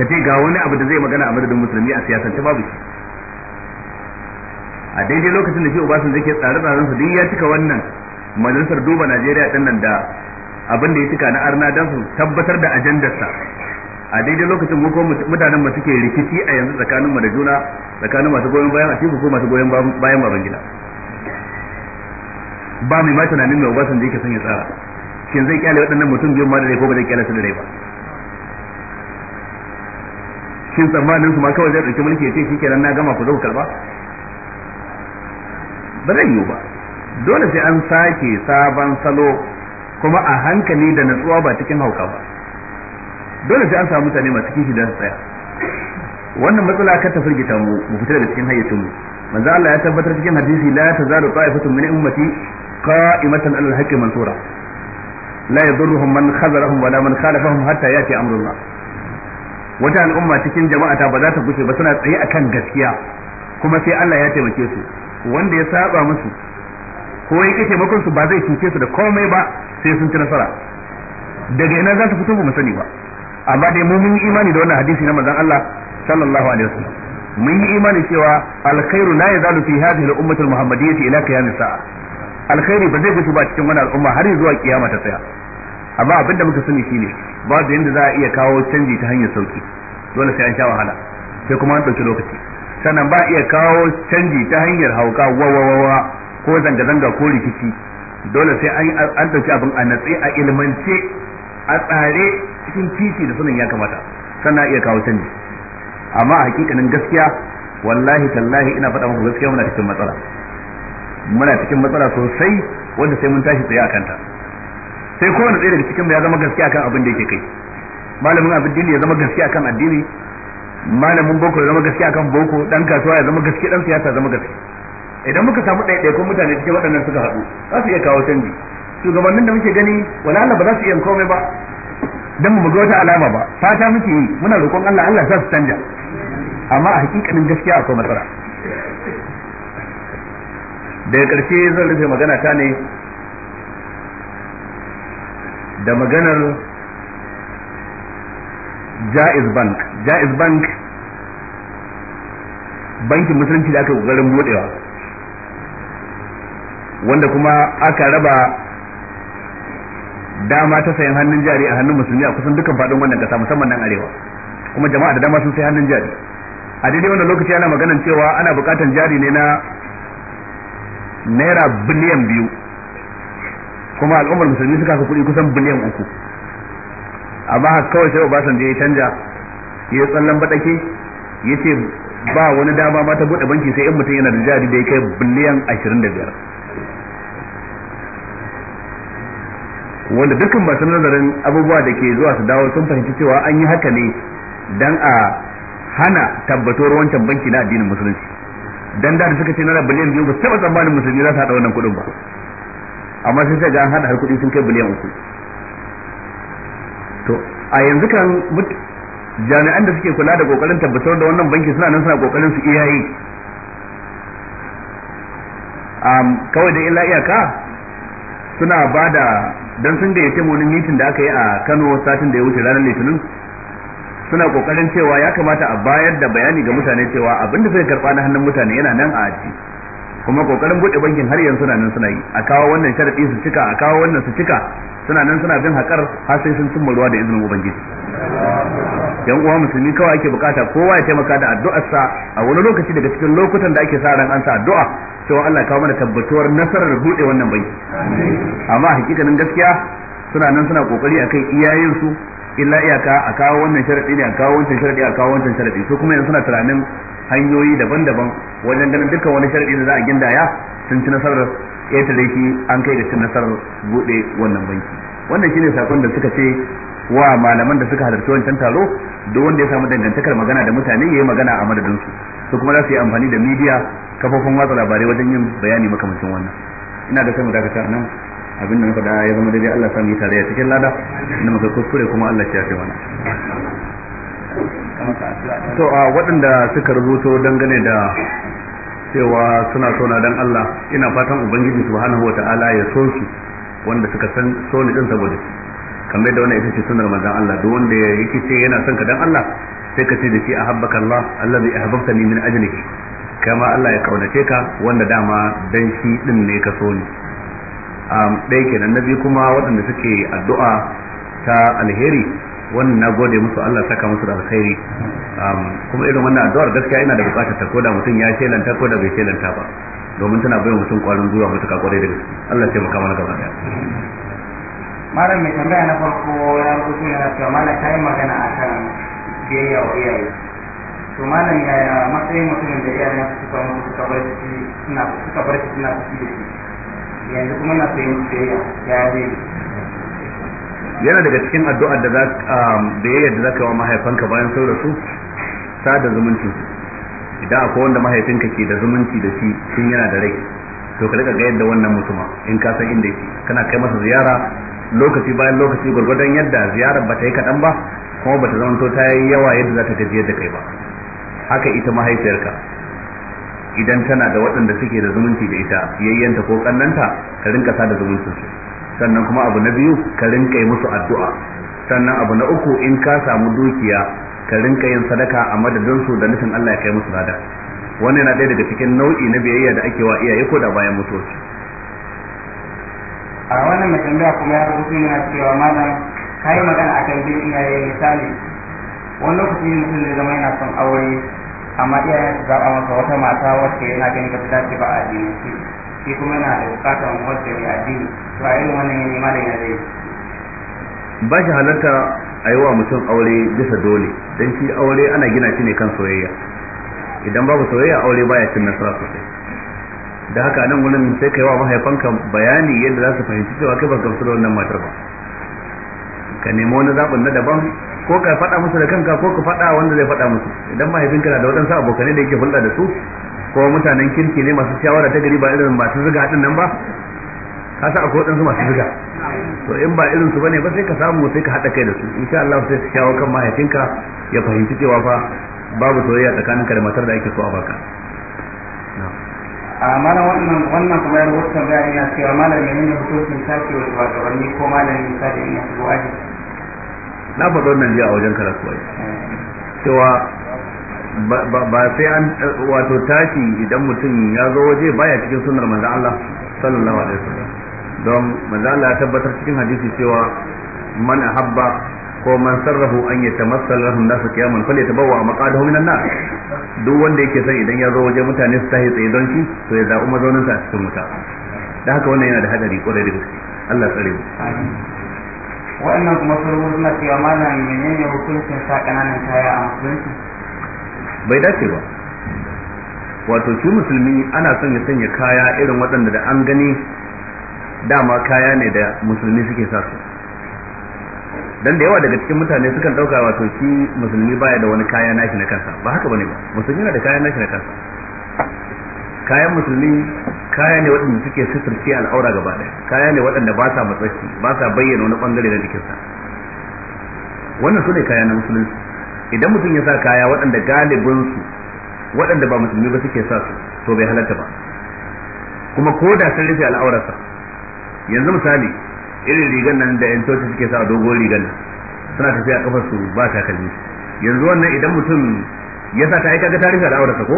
ka ce ga wani abu da zai magana a madadin musulmi a siyasance babu shi a daidai lokacin da shi zai ke tsare su duk ya cika wannan majalisar duba najeriya din nan da abin da ya cika na arna don su tabbatar da ajandarsa a daidai lokacin mu mutanen mu suke rikici a yanzu tsakanin mu da juna tsakanin masu goyon bayan Atiku ko masu goyon bayan Babangida ba mai ma tunanin mai da yake sanya tsara shin zai kyale waɗannan mutum biyun ma da dai ko ba zai kyale su da dai ba shin tsammanin su ma kawai zai ɗauki mulki ya ce shikenan na gama ku zo karba ba zai yiwu ba dole sai an sake sabon salo kuma a hankali da natsuwa ba cikin hauka ba dole sai an samu mutane masu kishi da su tsaya wannan matsala ka ta firgita mu mu fita daga cikin hayyacin mu manzo Allah ya tabbatar cikin hadisi la tazalu ta'ifatun min ummati qa'imatan alal haqqi mansura la yadurruhum man khazarahum wala man khalafahum hatta yati amrullah wata al'umma cikin jama'ata ba za ta gushe ba suna tsaye akan gaskiya kuma sai Allah ya taimake su wanda ya saba musu ko ya su ba zai cuce su da komai ba sai sun ci nasara daga ina za su fito ba mu sani ba amma dai mu mun yi imani da wannan hadisi na manzon Allah sallallahu alaihi wasallam mun yi imani cewa alkhairu la yazalu fi hadhihi al-ummati al-muhammadiyyati ila qiyam as-sa'a alkhairi ba zai gushe ba cikin wannan al'umma har zuwa kiyama ta tsaya amma abinda muka sani shine ba da yanda za a iya kawo canji ta hanyar sauki dole sai an sha wahala sai kuma an dauki lokaci sannan ba iya kawo canji ta hanyar hauka wawawawa ko zanga-zanga ko rikici dole sai an ɗauki abin a natsi a ilimance a tsare cikin titi da sanin ya kamata sannan iya kawo canji amma a hakikanin gaskiya wallahi tallahi ina faɗa muku gaskiya muna cikin matsala muna cikin matsala sosai wanda sai mun tashi tsaye a kanta sai kowane tsaye daga cikin ya zama gaskiya kan abin da yake kai malamin addini ya zama gaskiya kan addini malamin boko ya zama gaskiya kan boko dan kasuwa ya zama gaskiya dan siyasa ya zama gaskiya idan muka samu ɗaiɗaikun mutane cikin waɗannan suka haɗu za su iya kawo canji shugabannin da muke gani wala Allah ba za su iya komai ba dan mu ga wata alama ba fata muke yi muna roƙon Allah Allah ya su canja amma a hakikanin gaskiya akwai matsala daga ƙarshe zan rufe magana ta ne da maganar Jaiz Bank Jaiz Bank bankin musulunci da aka kokarin buɗewa, wanda kuma aka raba dama ta sayan hannun jari a hannun musulmi a kusan dukkan faɗin wannan kasa musamman nan arewa kuma jama'a da dama sun sai hannun jari a daidai wannan lokaci ana magana cewa ana buƙatar jari ne na naira biliyan biyu kuma al'ummar musulmi suka fi kuɗi kusan biliyan uku amma haka kawai sai Obasanjo ya canja ya tsallan baɗake ya ce ba wani dama ma ta buɗe banki sai in mutum yana da jari da ya kai biliyan ashirin da biyar wanda dukkan masu nazarin abubuwa da ke zuwa su dawo sun fahimci cewa an yi haka ne dan a hana tabbatuwar wancan banki na addinin musulunci dan da suka ce da biliyan biyu ba su taɓa tsammanin musulmi za su haɗa wannan kuɗin ba amma sai sai ga an haɗa har kuɗi sun kai biliyan uku to a yanzu kan jami'an da suke kula da kokarin tabbatar da wannan banki suna nan suna kokarin su iya yi kawai da illa iyaka suna ba da dan sun da yace munin mitin da aka yi a Kano satin da ya wuce ranar Litinin suna kokarin cewa ya kamata a bayar da bayani ga mutane cewa abin da zai karba na hannun mutane yana nan a aji kuma kokarin bude bankin har yanzu suna nan suna yi a kawo wannan sharadi su cika a kawo wannan su cika suna nan suna bin hakar har sai sun cimma ruwa da izinin ubangiji yan uwa musulmi kawai ake bukata kowa ya taimaka da addu'arsa a wani lokaci daga cikin lokutan da ake sa ran an sa addu'a cewa Allah kawo mana tabbatuwar nasarar buɗe wannan banki amma hakikanin gaskiya suna nan suna kokari akan iyayen su illa iyaka a kawo wannan sharadi ne a kawo wancan sharadi a kawo wancan sharadi su kuma yanzu suna tunanin hanyoyi daban-daban wajen ganin dukkan wani sharadi da za a gindaya sun ci nasarar ya tare shi an kai ga cin nasarar buɗe wannan banki wannan shine sakon da suka ce wa malaman da suka halarci wancan taro duk wanda ya samu dangantakar magana da mutane yi magana a madadin su su kuma za su yi amfani da media kafofin watsa labarai wajen yin bayani makamacin wannan ina da kai dakata nan abin da muka ya zama daidai Allah sami tare ya cikin lada inda muka kuskure kuma Allah ya fi mana to a waɗanda suka rubuto dangane da cewa suna sona dan Allah ina fatan ubangiji subhanahu wataala ya so su wanda suka san so ni din saboda kamar da wannan ita ce sunnar manzon Allah duk wanda yake ce yana son ka dan Allah sai ka ce da shi a ahabbaka Allah allazi ahbabtani min ajliki kama Allah ya kaunace ka wanda dama dan shi din ne ka so ni ɗaya dai kenan nabi kuma waɗanda suke addu'a ta alheri wannan na gode musu Allah saka musu da alheri kuma irin wannan addu'ar gaskiya ina da bukatar ta ko da mutum ya shelanta ko da bai shelanta ba domin tana bai mutum kwarin gwiwa ka kwarai da gaske Allah ce maka mana gaba daya malam mai tambaya na farko ya rubuta yana cewa malam yi magana akan biyayya wa iyaye to malam yaya matsayin mutumin da suka mutu suka bar suna suka bar suna da shi yanzu kuma na biyayya ya zai yana daga cikin addu'ar da za biyayya um, da zaka yi wa mahaifanka bayan sun sa sada zumunci idan akwai wanda mahaifinka ke da zumunci da shi tun yana da rai to ka rika ga yadda wannan mutuma in ka san inda yake kana kai masa ziyara lokaci bayan lokaci gurgurdan yadda ziyarar ba ta yi kaɗan ba kuma bata zamanto ta yi yawa yadda za ta gajiyar da kai ba haka ita mahaifiyarka idan tana da waɗanda suke da zumunci da ita yayyanta ko kannanta ka rinka sada zumuncin su sannan kuma abu na biyu ka rinka yi musu addu'a sannan abu na uku in ka samu dukiya ka rinka yin sadaka a madadin su da nufin Allah ya kai musu lada wannan yana ɗaya daga cikin nau'i na biyayya da ake wa iyaye ko da bayan mutuwa a wannan mai tambaya kuma ya rubuta yana cewa malam ka yi magana a kan bin iyaye misali wani lokaci mutum zai zama yana son aure amma iyayen su zaɓa masa wata mata wacce yana ganin ta dace ba a addini shi shi kuma yana da bukatar wacce mai addini to a irin wannan yanayi ma da yana zai ba shi halatta a yi wa mutum aure bisa dole don shi aure ana gina shi ne kan soyayya idan babu soyayya aure baya cin nasara sosai da haka nan wurin sai kai wa mahaifanka bayani yadda za su fahimci cewa kai ba gamsu da wannan matar ba ka nemo wani zaɓin na daban ko ka faɗa musu da kanka ko ka faɗa wanda zai faɗa musu idan mahaifinka na da waɗansu abokanai da yake hulɗa da su ko mutanen kirki ne masu shawara ta gari ba irin masu zuga haɗin nan ba ka sa akwai waɗansu masu zuga to in ba irin su bane ba sai ka samu sai ka haɗa kai da su insha Allah sai ka shawo kan mahaifinka ya fahimci cewa fa babu soyayya tsakaninka da matar da ake so a baka a mana wannan wannan kuma yar wata da ina cewa malamin ne hukuncin sake wa wani ko malamin sake ina shigo aji na faɗa wannan jiya a wajen karatu cewa ba sai an wato tashi idan mutum ya zo waje baya cikin sunnar manzo Allah sallallahu alaihi wasallam don manzo Allah ya tabbatar cikin hadisi cewa man habba ko man sarrahu an yatamassal lahum nas qiyaman falyatabawwa maqadahu minan nar duk wanda yake son idan ya zo waje mutane su tashi tsaye don shi to ya zabu mazauninsa a cikin wuta da haka wannan yana da hadari kwarai da gaske Allah tsare mu waɗannan kuma sun suna cewa malam menene hukuncin sa ƙananan kaya a musulunci bai dace ba wato shi musulmi ana son ya sanya kaya irin waɗanda da an gani dama kaya ne da musulmi suke sa su dan da yawa daga cikin mutane sukan ɗauka wato shi musulmi baya da wani kaya nashi na kansa ba haka bane ba musulmi na da kaya nashi na kansa kayan musulmi kaya ne waɗanda suke suturce al'aura gaba ɗaya kaya ne waɗanda ba sa matsatsi ba sa bayyana wani ɓangare na jikinsa wannan su ne kaya na musulunci idan mutum ya sa kaya waɗanda su waɗanda ba musulmi ba suke sa su to bai halatta ba kuma ko da sun rufe al'aurarsa yanzu misali irin rigan nan da 'yan coci suke sa dogon rigan nan suna tafiya kafar su ba takalmi yanzu wannan idan mutum ya sa ta aika ga tarihi al'aurarsa ko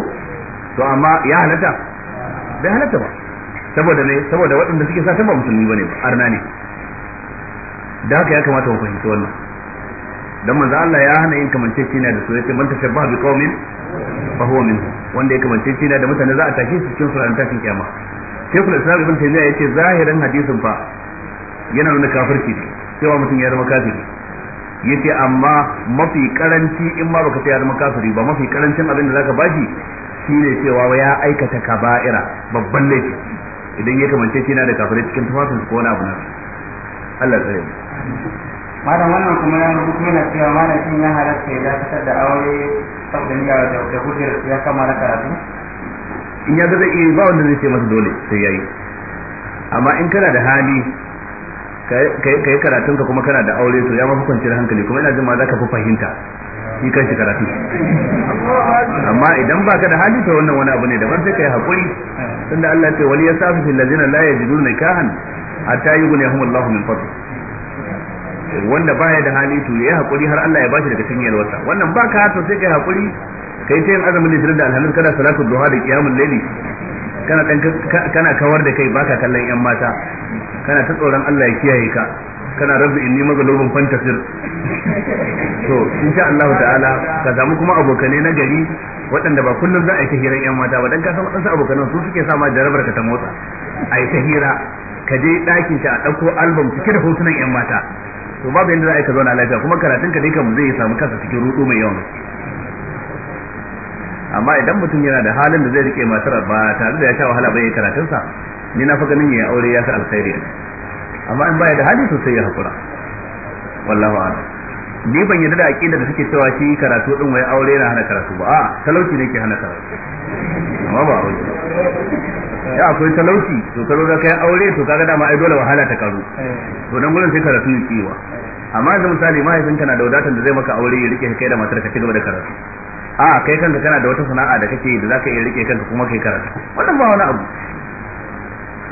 to amma ya halatta bai halatta ba saboda ne saboda waɗanda suke sa ba musulmi bane ba arna ne da haka ya kamata mu fahimci wannan dan manzo Allah ya hana yin kamanceceniya da su yace man tashabbaha bi qaumin fa huwa min. wanda ya kamanceceniya da mutane za a tashi su cikin sunan tashin kiyama kula islam ibn taymiya yace zahirin hadisin fa yana nuna kafirci cewa mutum ya zama kafiri yace amma mafi karanci in ma baka ce ya zama kafiri ba mafi karancin abin da zaka bashi ne cewa ya aikata kaba'ira babban laifi idan ya kamance shi na da kafirai cikin tufafinsu ko wani abu na Allah tsaye mu malam wannan kuma ya rubuta yana cewa malam shin ya halatta ya dakatar da aure saboda niyya da hujjar ya na karatu in ya ga zai iya ba wanda zai ce masa dole sai ya yi, amma in kana da hali ka yi karatun ka kuma kana da aure to ya mafi kwanciyar hankali kuma ina jin ma za ka fi fahimta shi shi karatu amma idan baka da hali to wannan wani abu ne daban sai kai hakuri tunda Allah ce wali yasafu fil ladina la yajiduna kahan hatta yughnihum Allah min fadl wanda baya da hali to yayi hakuri har Allah ya bashi daga cikin yalwata wannan baka to sai kai hakuri kai ta yin azumin litinin da alhamis kana salatu duha da qiyamul layli kana kana kawar da kai baka kallon yan mata kana ta tsoron Allah ya kiyaye ka kana rabbi inni maghlubun fantasir to sha Allah ta'ala ka samu kuma abokane na gari waɗanda ba kullum za a yi ta yan mata ba dan ka san waɗansu abokanan su suke sa ma jarabar ka ta motsa a yi hira ka je ɗakin ta a ɗauko album cike da hotunan yan mata to babu yadda za a yi ka zauna lafiya kuma karatun ka dai kam zai samu kansa cikin rudu mai yawa. amma idan mutum yana da halin da zai rike matar ba tare da ya sha wahala ba karatun sa, ni na fa ganin ya aure ya sa alkhairi amma in baya da hali to sai ya hakura wallahu a'lam ni ban yarda da aqida da suke cewa shi karatu din wai aure yana hana karatu ba a talauci ne ke hana karatu amma ba aure ya akwai talauci to karo da kai aure to kaga dama ai dole wahala ta karu to dan gurin sai karatu ne kiwa amma yanzu misali mahaifinka na da wadatar da zai maka aure ya rike kai da matar ka ci gaba da karatu a kai kanka kana da wata sana'a da kake da zaka iya rike kanka kuma kai karatu wannan ba wani abu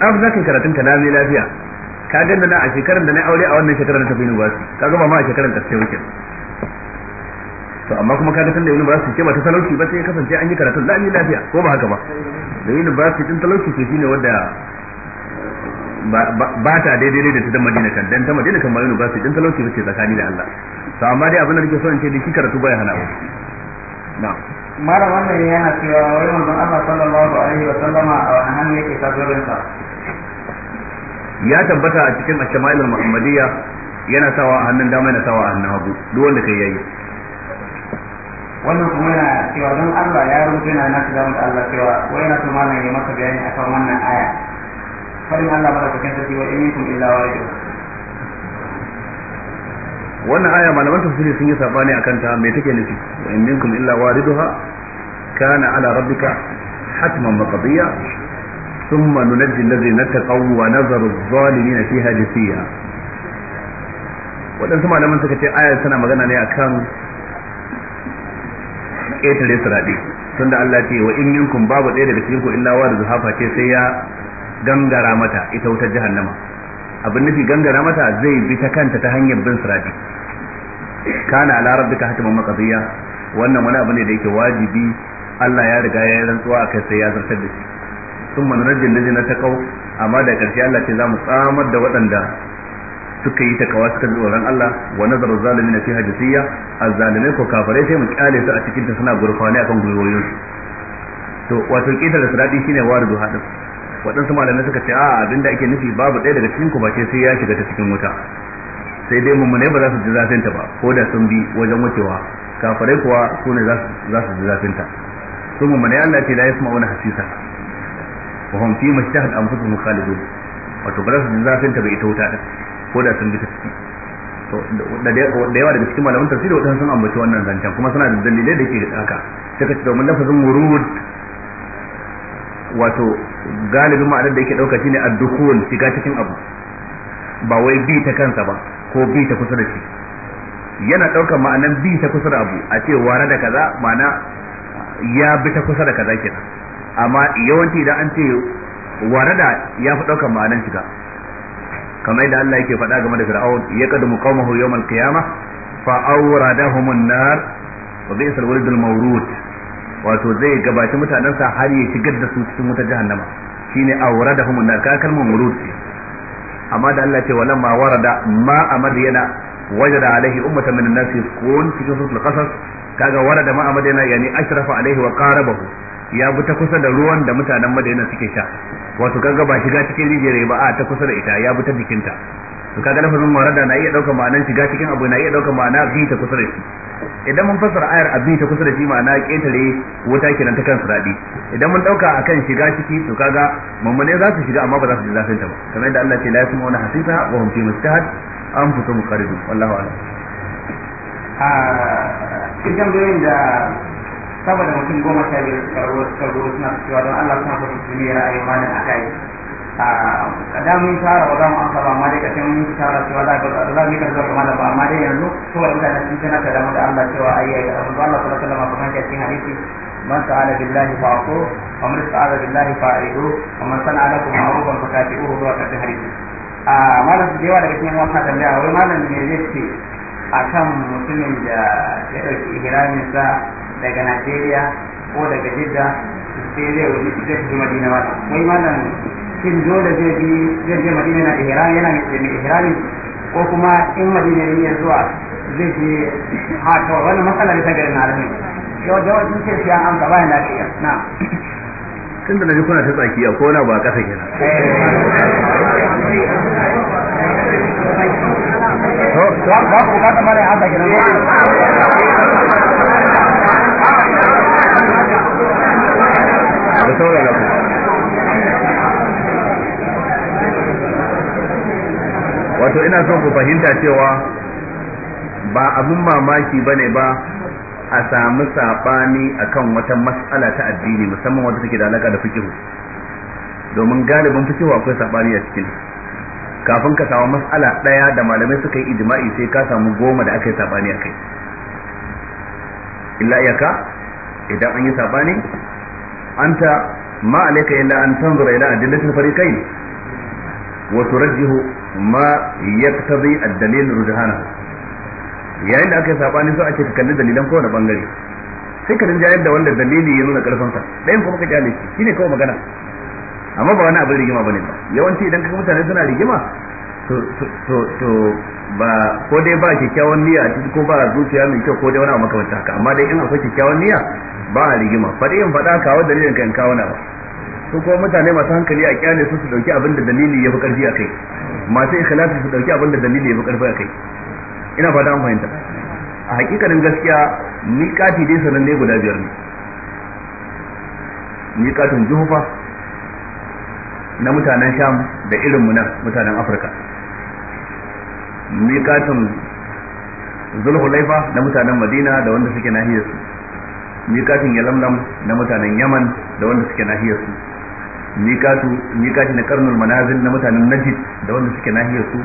abu zaka karatun ka lami lafiya ka ganna na a shekarar da na aure a wannan shekarar da ta fi ba ka ga ba ma a shekarar da ta wuce to amma kuma ka kaga tunda university ce ba ta talauci ba sai ya kasance an yi karatun lami lafiya ko ba haka ba da university tun talauci ce shine wanda ba ta daidai da ta dan Madina kan dan ta Madina kan ma university tun talauci ba ce tsakani da Allah to amma dai abin da nake so in ce da shi karatu ya hana wa Na. mara wannan yana cewa wai manzon Allah sallallahu alaihi wa sallama a wannan yake sabbin sa ya tabbata a cikin ashama'il muhammadiyya yana sawa a hannun dama yana sawa a hannun hagu duk wanda kai yayi wannan kuma yana cewa don Allah ya rubuta yana na kaza da Allah cewa wai yana so malam ya masa bayani a akan wannan aya fadin Allah ba ka kanta cewa in minkum illa wa yau. wannan aya malaman tafsiri sun yi sabani a kanta me take nufi wa in minkum illa wariduha kana ala rabbika hatman maqdiya ثم ننجي الذين اتقوا ونذر الظالمين فيها جثيا waɗansu malaman suka ce ayar tana magana ne akan ƙetare siraɗi tun da Allah ce wa in babu ɗaya daga cikin ku illa wa da zuhafa ce sai ya gangara mata ita wutar jahannama abin nufi gangara mata zai bi ta kanta ta hanyar bin siraɗi kana ala rabbika hatiman maqdiya wannan wani abu ne da yake wajibi Allah ya riga ya rantsuwa akai sai ya zartar da shi sun mana rajin da na taƙau amma da ƙarshe Allah ce za mu tsamar da waɗanda suka yi ta takawa suka bi wa Allah wa nazar zalimi na fi hajjisiyya azzalimai ko kafare sai mu kyale su a cikin ta suna gurfani akan su to wato kitar da sadadi shine waridu hadin waɗansu malamai suka ce a abinda ake nufi babu ɗaya daga cikin ku ba sai ya shiga ta cikin wuta sai dai mun ne ba za su ji zafin ta ba ko da sun bi wajen wucewa kafare kuwa su ne za su ji zafin ta su ne Allah ce la yasma'una hasisa fa hum fi mu anfusuhum khalidun wato ba za su ji zafin ta bai ita wuta ta ko da sun bi ta ciki to da yawa daga cikin malaman da wadansu sun ambaci wannan zancen kuma suna da dalilai da ke haka suka ce domin lafazin murud wato galibin ma'anar da yake dauka shine addukun shiga cikin abu ba wai bi ta kansa ba ko bi ta kusa da shi yana daukar ma'anar bi ta kusa da abu a ce ware da kaza ma'ana ya bi ta kusa da kaza kenan amma yawanci idan an ce warada ya fi ɗaukar ma'anar shiga kamar yadda Allah yake faɗa game da fir'aun ya mu qaumahu yawm al-qiyamah fa awradahum an-nar wa bi'sa al-wald al-mawrud wato zai gabaci mutanensa har ya shigar da su cikin wutar jahannama shine awradahum an-nar ka kalmar murud ce amma da Allah ce walamma warada ma a wajen wajada alaihi ummatan min an-nas yasqun cikin suratul qasas kaga warada ma a yana yani ashrafa alaihi wa qarabahu ya bi ta kusa da ruwan da mutanen Madina suke sha wato kaga ba shiga cikin rijiyar ba a ta kusa da ita ya bi ta jikinta to kaga lafazin marada na iya daukar ma'anar shiga cikin abu na iya daukar ma'ana bi ta kusa da shi idan mun fassara ayar abi ta kusa da shi ma'ana ketare wuta kenan ta kan suradi idan mun dauka akan shiga ciki to kaga mummune za su shiga amma ba za su ji zafin ta ba kamar yadda Allah ce la yasmu wa hasisa wa hum fi mustahad anfusuhum qaridun wallahu a'lam a ah, cikin da saboda mutum goma sha biyu suka suka rawo suna cewa don Allah suna fata su ne ra'ayi malam a kai a da mun fara wa za mu amsa ba amma dai ka mun fara cewa za ga za mu karɓar kuma da ba amma dai yanzu saboda mutane sun tana ta damu da Allah cewa ai ba Allah sallallahu alaihi wasallam kuma ya cikin hadisi man sa'ala billahi fa'afu wa man sa'ala billahi fa'idu wa man sana'a lakum ma'rufan fakati'uhu wa kadin hadisi a malam da yawa daga cikin wannan tambaya wai malam ne zai ce akan mutumin da ya dauki ihramin sa daga Najeriya ko daga Jidda sai zai wani zai fi Madina ba wai malam shin dole zai bi zai je Madina na ihram yana da ihrami ko kuma in Madina ne ya zuwa zai je haka wani matsala da ta na alamai. yau da wajen ce siya an gaba yana lafiya na tun da na ji kuna ta tsaki a kona ba kasa kenan eh. to ba ku ba ta mara ya haka kenan wato ina son ku fahimta cewa ba abin mamaki ba ne ba a samu saɓani kan wata matsala ta addini musamman wata take da alaka da fikihu domin galibin fikihu akwai saɓani a cikin kafin ka samu matsala ɗaya da malamai suka yi ijma'i sai ka samu goma da aka yi saɓani a kai illa iyaka idan an yi saɓani anta ما عليك إلا an تنظر إلى أدلة الفريقين وترجه ما ma الدليل ad يا إلا yayin da aka yi sabani so ake kalli dalilan kowane bangare sai ka rinjayar da wanda dalili ya nuna karfin sa dayan kuma ka kyale shi shine kawai magana amma ba wani abin rigima bane ba yawanci idan ka mutane suna rigima to ba ko dai ba kyakkyawan niyya a ciki ko ba zuciya mai kyau ko dai wani abu makamanta haka amma dai in akwai kyakkyawan niyya ba a rigima faɗi in faɗa kawo dalilin ka in kawo na ba su kuma mutane masu hankali a kyale su su dauki abin da dalili ya fi karfi a kai masu ikhlasi su dauki abin da dalili ya fi karfi a kai ina fata an fahimta a hakikanin gaskiya miƙati dai sananne guda biyar ne miƙatin juhufa na mutanen sham da irinmu na mutanen afirka miƙatin zulhulaifa na mutanen madina da wanda suke nahiyar su miƙatin yalamlam na mutanen yaman da wanda suke nahiyar su miƙatu miƙati na karnul manazil na mutanen najd da wanda suke nahiyar su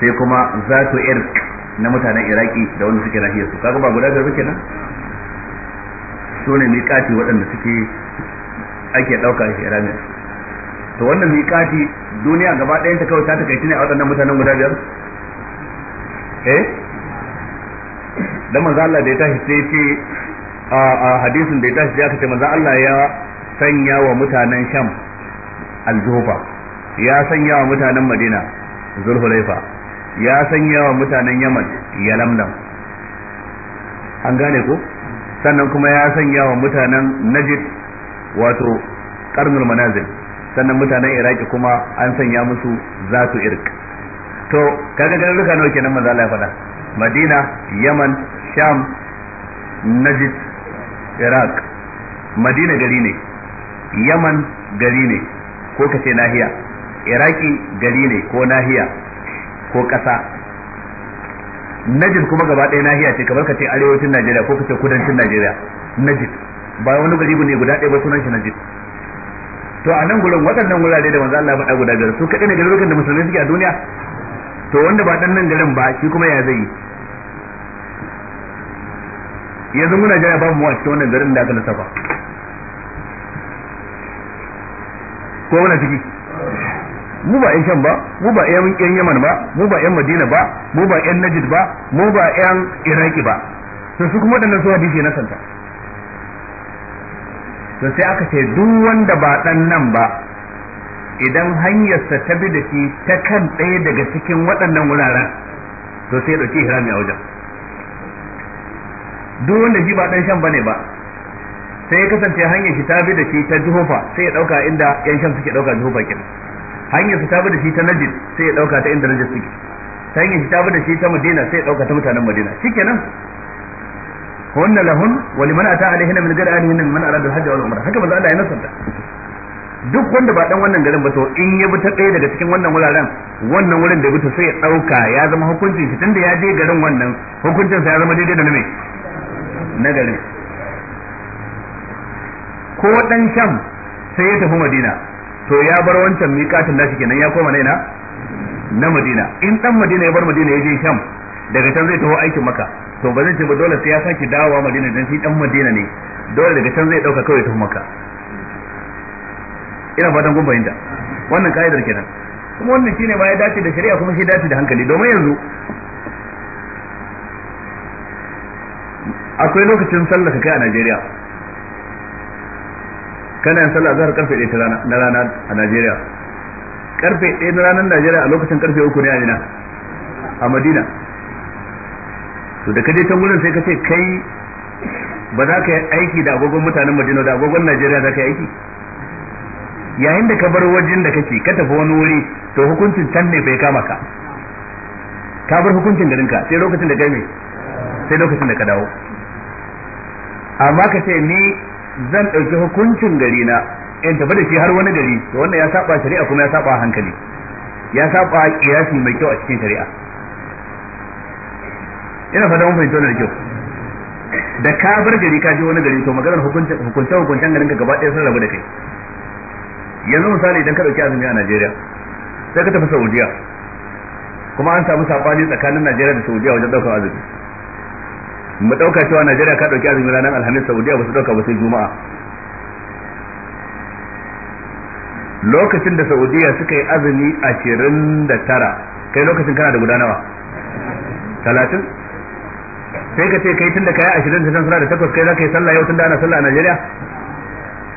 sai kuma zatu irq na mutanen iraki da wanda suke nahiyar su kaga ba guda biyar ba kenan su ne miƙati waɗanda suke ake ɗauka a iramiya to wannan miƙati duniya gaba ɗayan ta kawai ta takaici ne a waɗannan mutanen guda biyar eh da manzo Allah da ya tashi sai ce a hadisin da ya tashi sai ce manzo Allah ya sanya wa mutanen Sham aljufa ya sanya wa mutanen Madina zulhulaifa ya sanya wa mutanen Yaman ya an gane ko sannan kuma ya sanya wa mutanen Najd wato karnul manazil sannan mutanen Iraki kuma an sanya musu zatu irk to kaga garuruka nawa kenan manzo Allah ya faɗa Madina Yaman Sham Najd Iraq Madina gari ne Yaman gari ne ko kace nahiya Iraki gari ne ko nahiya ko ƙasa Najd kuma gaba ɗaya nahiya ce kamar kace arewacin Najeriya ko kace kudancin Najeriya Najd ba wani gari ne guda ɗaya ba sunan shi Najd to a nan gurin waɗannan wurare da manzo Allah ya faɗa guda biyar su kaɗai ne garurukan da musulmai suke a duniya to wanda ba dan nan garin ba shi kuma ya zai yanzu muna jira ba mu a cikin wannan garin da aka nasaba. ko wani ciki mu ba yan shan ba mu ba yan yan yaman ba mu ba yan madina ba mu ba yan najid ba mu ba yan iraki ba to su kuma dan su hadisi na santa to sai aka ce duk wanda ba dan nan ba idan hanyarsa ta bi da shi ta kan ɗaya daga cikin waɗannan wuraren to sai ya ɗauki ihrami a wajen duk wanda shi ba ɗan shan bane ba sai ya kasance hanyar shi ta bi da shi ta juhufa sai ya ɗauka inda yan shan suke ɗauka juhufa kenan hanyar shi ta bi da shi ta najis sai ya ɗauka ta inda najis suke ta hanyar shi ta bi da shi ta madina sai ya ɗauka ta mutanen madina shikenan hunna lahun wa liman ata alaihin min ghairi ahlihin man arada alhajj wal umrah haka manzo Allah ya nasanta duk wanda ba dan wannan garin ba to in ya bi ta ɗaya daga cikin wannan wuraren wannan wurin da ya bi to sai ya ɗauka ya zama hukuncin shi tunda ya je garin wannan hukuncin sa ya zama daidai da na na garin ko dan sham sai ya tafi madina to ya bar wancan miƙatin da shi kenan ya koma na na madina in dan madina ya bar madina ya je sham daga can zai taho aikin maka to ba zai ce ba dole sai ya sake dawowa madina dan shi dan madina ne dole daga can zai dauka kawai tafi maka ina fatan kun fahimta wannan ka'idar kenan kuma wannan shine ma ya dace da shari'a kuma shi dace da hankali domin yanzu akwai lokacin sallah kai a Najeriya kana yin sallah zahar karfe 1 na rana a Najeriya karfe 1 na ranar Najeriya a lokacin karfe 3 ne a ina a Madina to da kaje can gurin sai ka ce kai ba za ka yi aiki da agogon mutanen Madina da agogon Najeriya za ka yi aiki yayin da ka bar wajen da kake ka tafi wani wuri to hukuncin can ne bai kama ka ka bar hukuncin garinka sai lokacin da kai mai sai lokacin da ka dawo amma ka ce ni zan ɗauki hukuncin gari na in tafi da shi har wani gari to wannan ya saba shari'a kuma ya saba hankali ya saba kiyasi mai kyau a cikin shari'a ina fata mun fahimta da kyau da ka bar gari ka je wani gari to maganar hukuncin hukuncin garin ka gaba ɗaya sun rabu da kai yanzu misali idan ka dauki azumi a Najeriya sai ka tafi Saudiya kuma an samu sabani tsakanin Najeriya da Saudiya wajen daukar azumi mu dauka cewa Najeriya ka dauki azumi ranar Alhamis Saudiya ba su dauka ba sai Juma'a lokacin da Saudiya suka yi azumi 29 kai lokacin kana da guda nawa 30 sai ka ce kai tun da kai ashirin da suna da takwas kai za ka yi sallah yau tun da ana sallah a Najeriya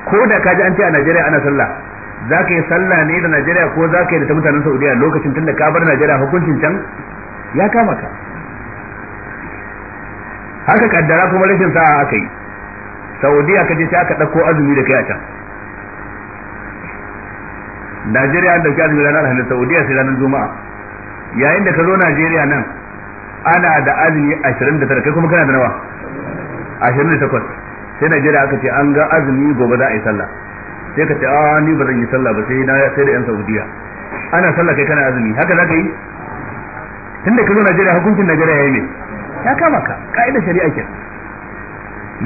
ko da ka ji an ce a Najeriya ana sallah za ka yi sallah ne da najeriya ko za ka yi da ta mutanen saudiya lokacin tun da ka bar najeriya hukuncin can ya kama ka haka kaddara kuma rashin sa'a aka yi saudiya ka je sai aka ɗauko azumi da kai a can najeriya an ɗauki azumi ranar alhamis saudiya sai ranar juma'a yayin da ka zo najeriya nan ana da azumi ashirin da tara kai kuma kana da nawa ashirin da takwas sai najeriya aka ce an ga azumi gobe za a yi sallah sai ka ce a ah, ni ba zan yi sallah ba sai na sai da yan saudiya ana sallah kai kana azumi haka za ka yi tunda ka zo Najeriya hukuncin Najeriya yayi ne ya kama ka ka'idar shari'a ke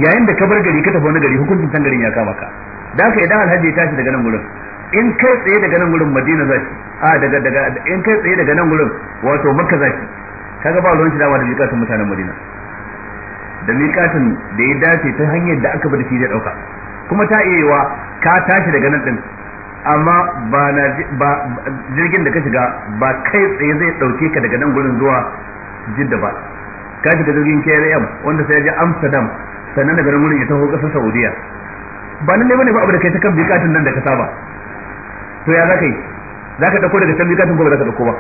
yayin da ka bar gari ka tafi wani gari hukuncin can garin ya kama ka da haka idan alhaji ya tashi daga nan gurin in kai tsaye daga nan gurin Madina za ki a daga daga in kai tsaye daga nan gurin wato Makka za shi kaga ba ruwan shi dawa da miƙatun mutanen Madina da miƙatun da ya dace ta hanyar da aka bar shi zai ɗauka kuma ta iya yiwa ka tashi daga nan din amma ba na ba jirgin da ka shiga ba kai tsaye zai dauke ka daga nan gurin zuwa jidda ba ka shiga jirgin KLM wanda sai ya je Amsterdam sannan daga nan gurin ya taho kasar Saudiya ba nan ne bane ba abu da kai ta kan bukatun nan da ka saba to ya zaka yi zaka dauko daga bi bukatun ko ba zaka dauko ba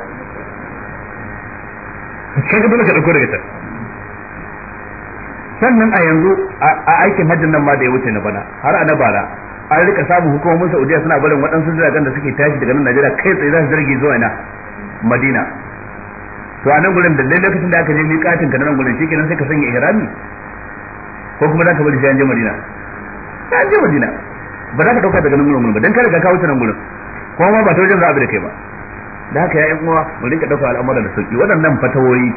kaga dole ka dauko daga can sannan a yanzu a aikin hajjin nan ma da ya wuce na bana har a na bara an rika samun hukumomin Saudiya suna barin waɗansu jiragen da suke tashi daga nan Najeriya kai tsaye za su zargi zuwa ina Madina to a nan gurin da dai lokacin da aka je miƙatin ka nan gurin kenan sai ka sanya ihrami ko kuma za ka bari sai an je Madina an je Madina ba za ka dauka daga nan gurin ba dan ka ka kawo nan gurin kuma ma ba ta wajen za a bi da kai ba da haka ya yan uwa mu rinka dauka al'amuran da sauki waɗannan fatawoyi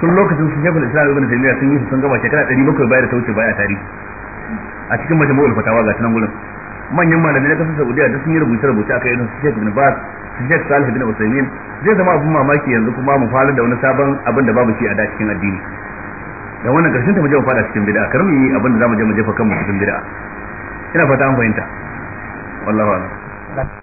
tun lokacin su shekul islam ibn taymiya sun yi su sun gaba shekara 700 bayar ta wuce baya tarihi a cikin majmu'ul fatawa ga tunan gurin manyan malami na kasar Saudiya da sun yi rubuce rubuce akan irin Sheikh Ibn Baz Sheikh Salih Ibn Uthaymeen zai zama abin mamaki yanzu kuma mu fara da wani sabon abin da babu shi a da cikin addini da wannan karshen ta mu je mu fada cikin bid'a kar mu yi abin da zamu je mu jefa kanmu cikin bid'a ina fata an fahimta wallahi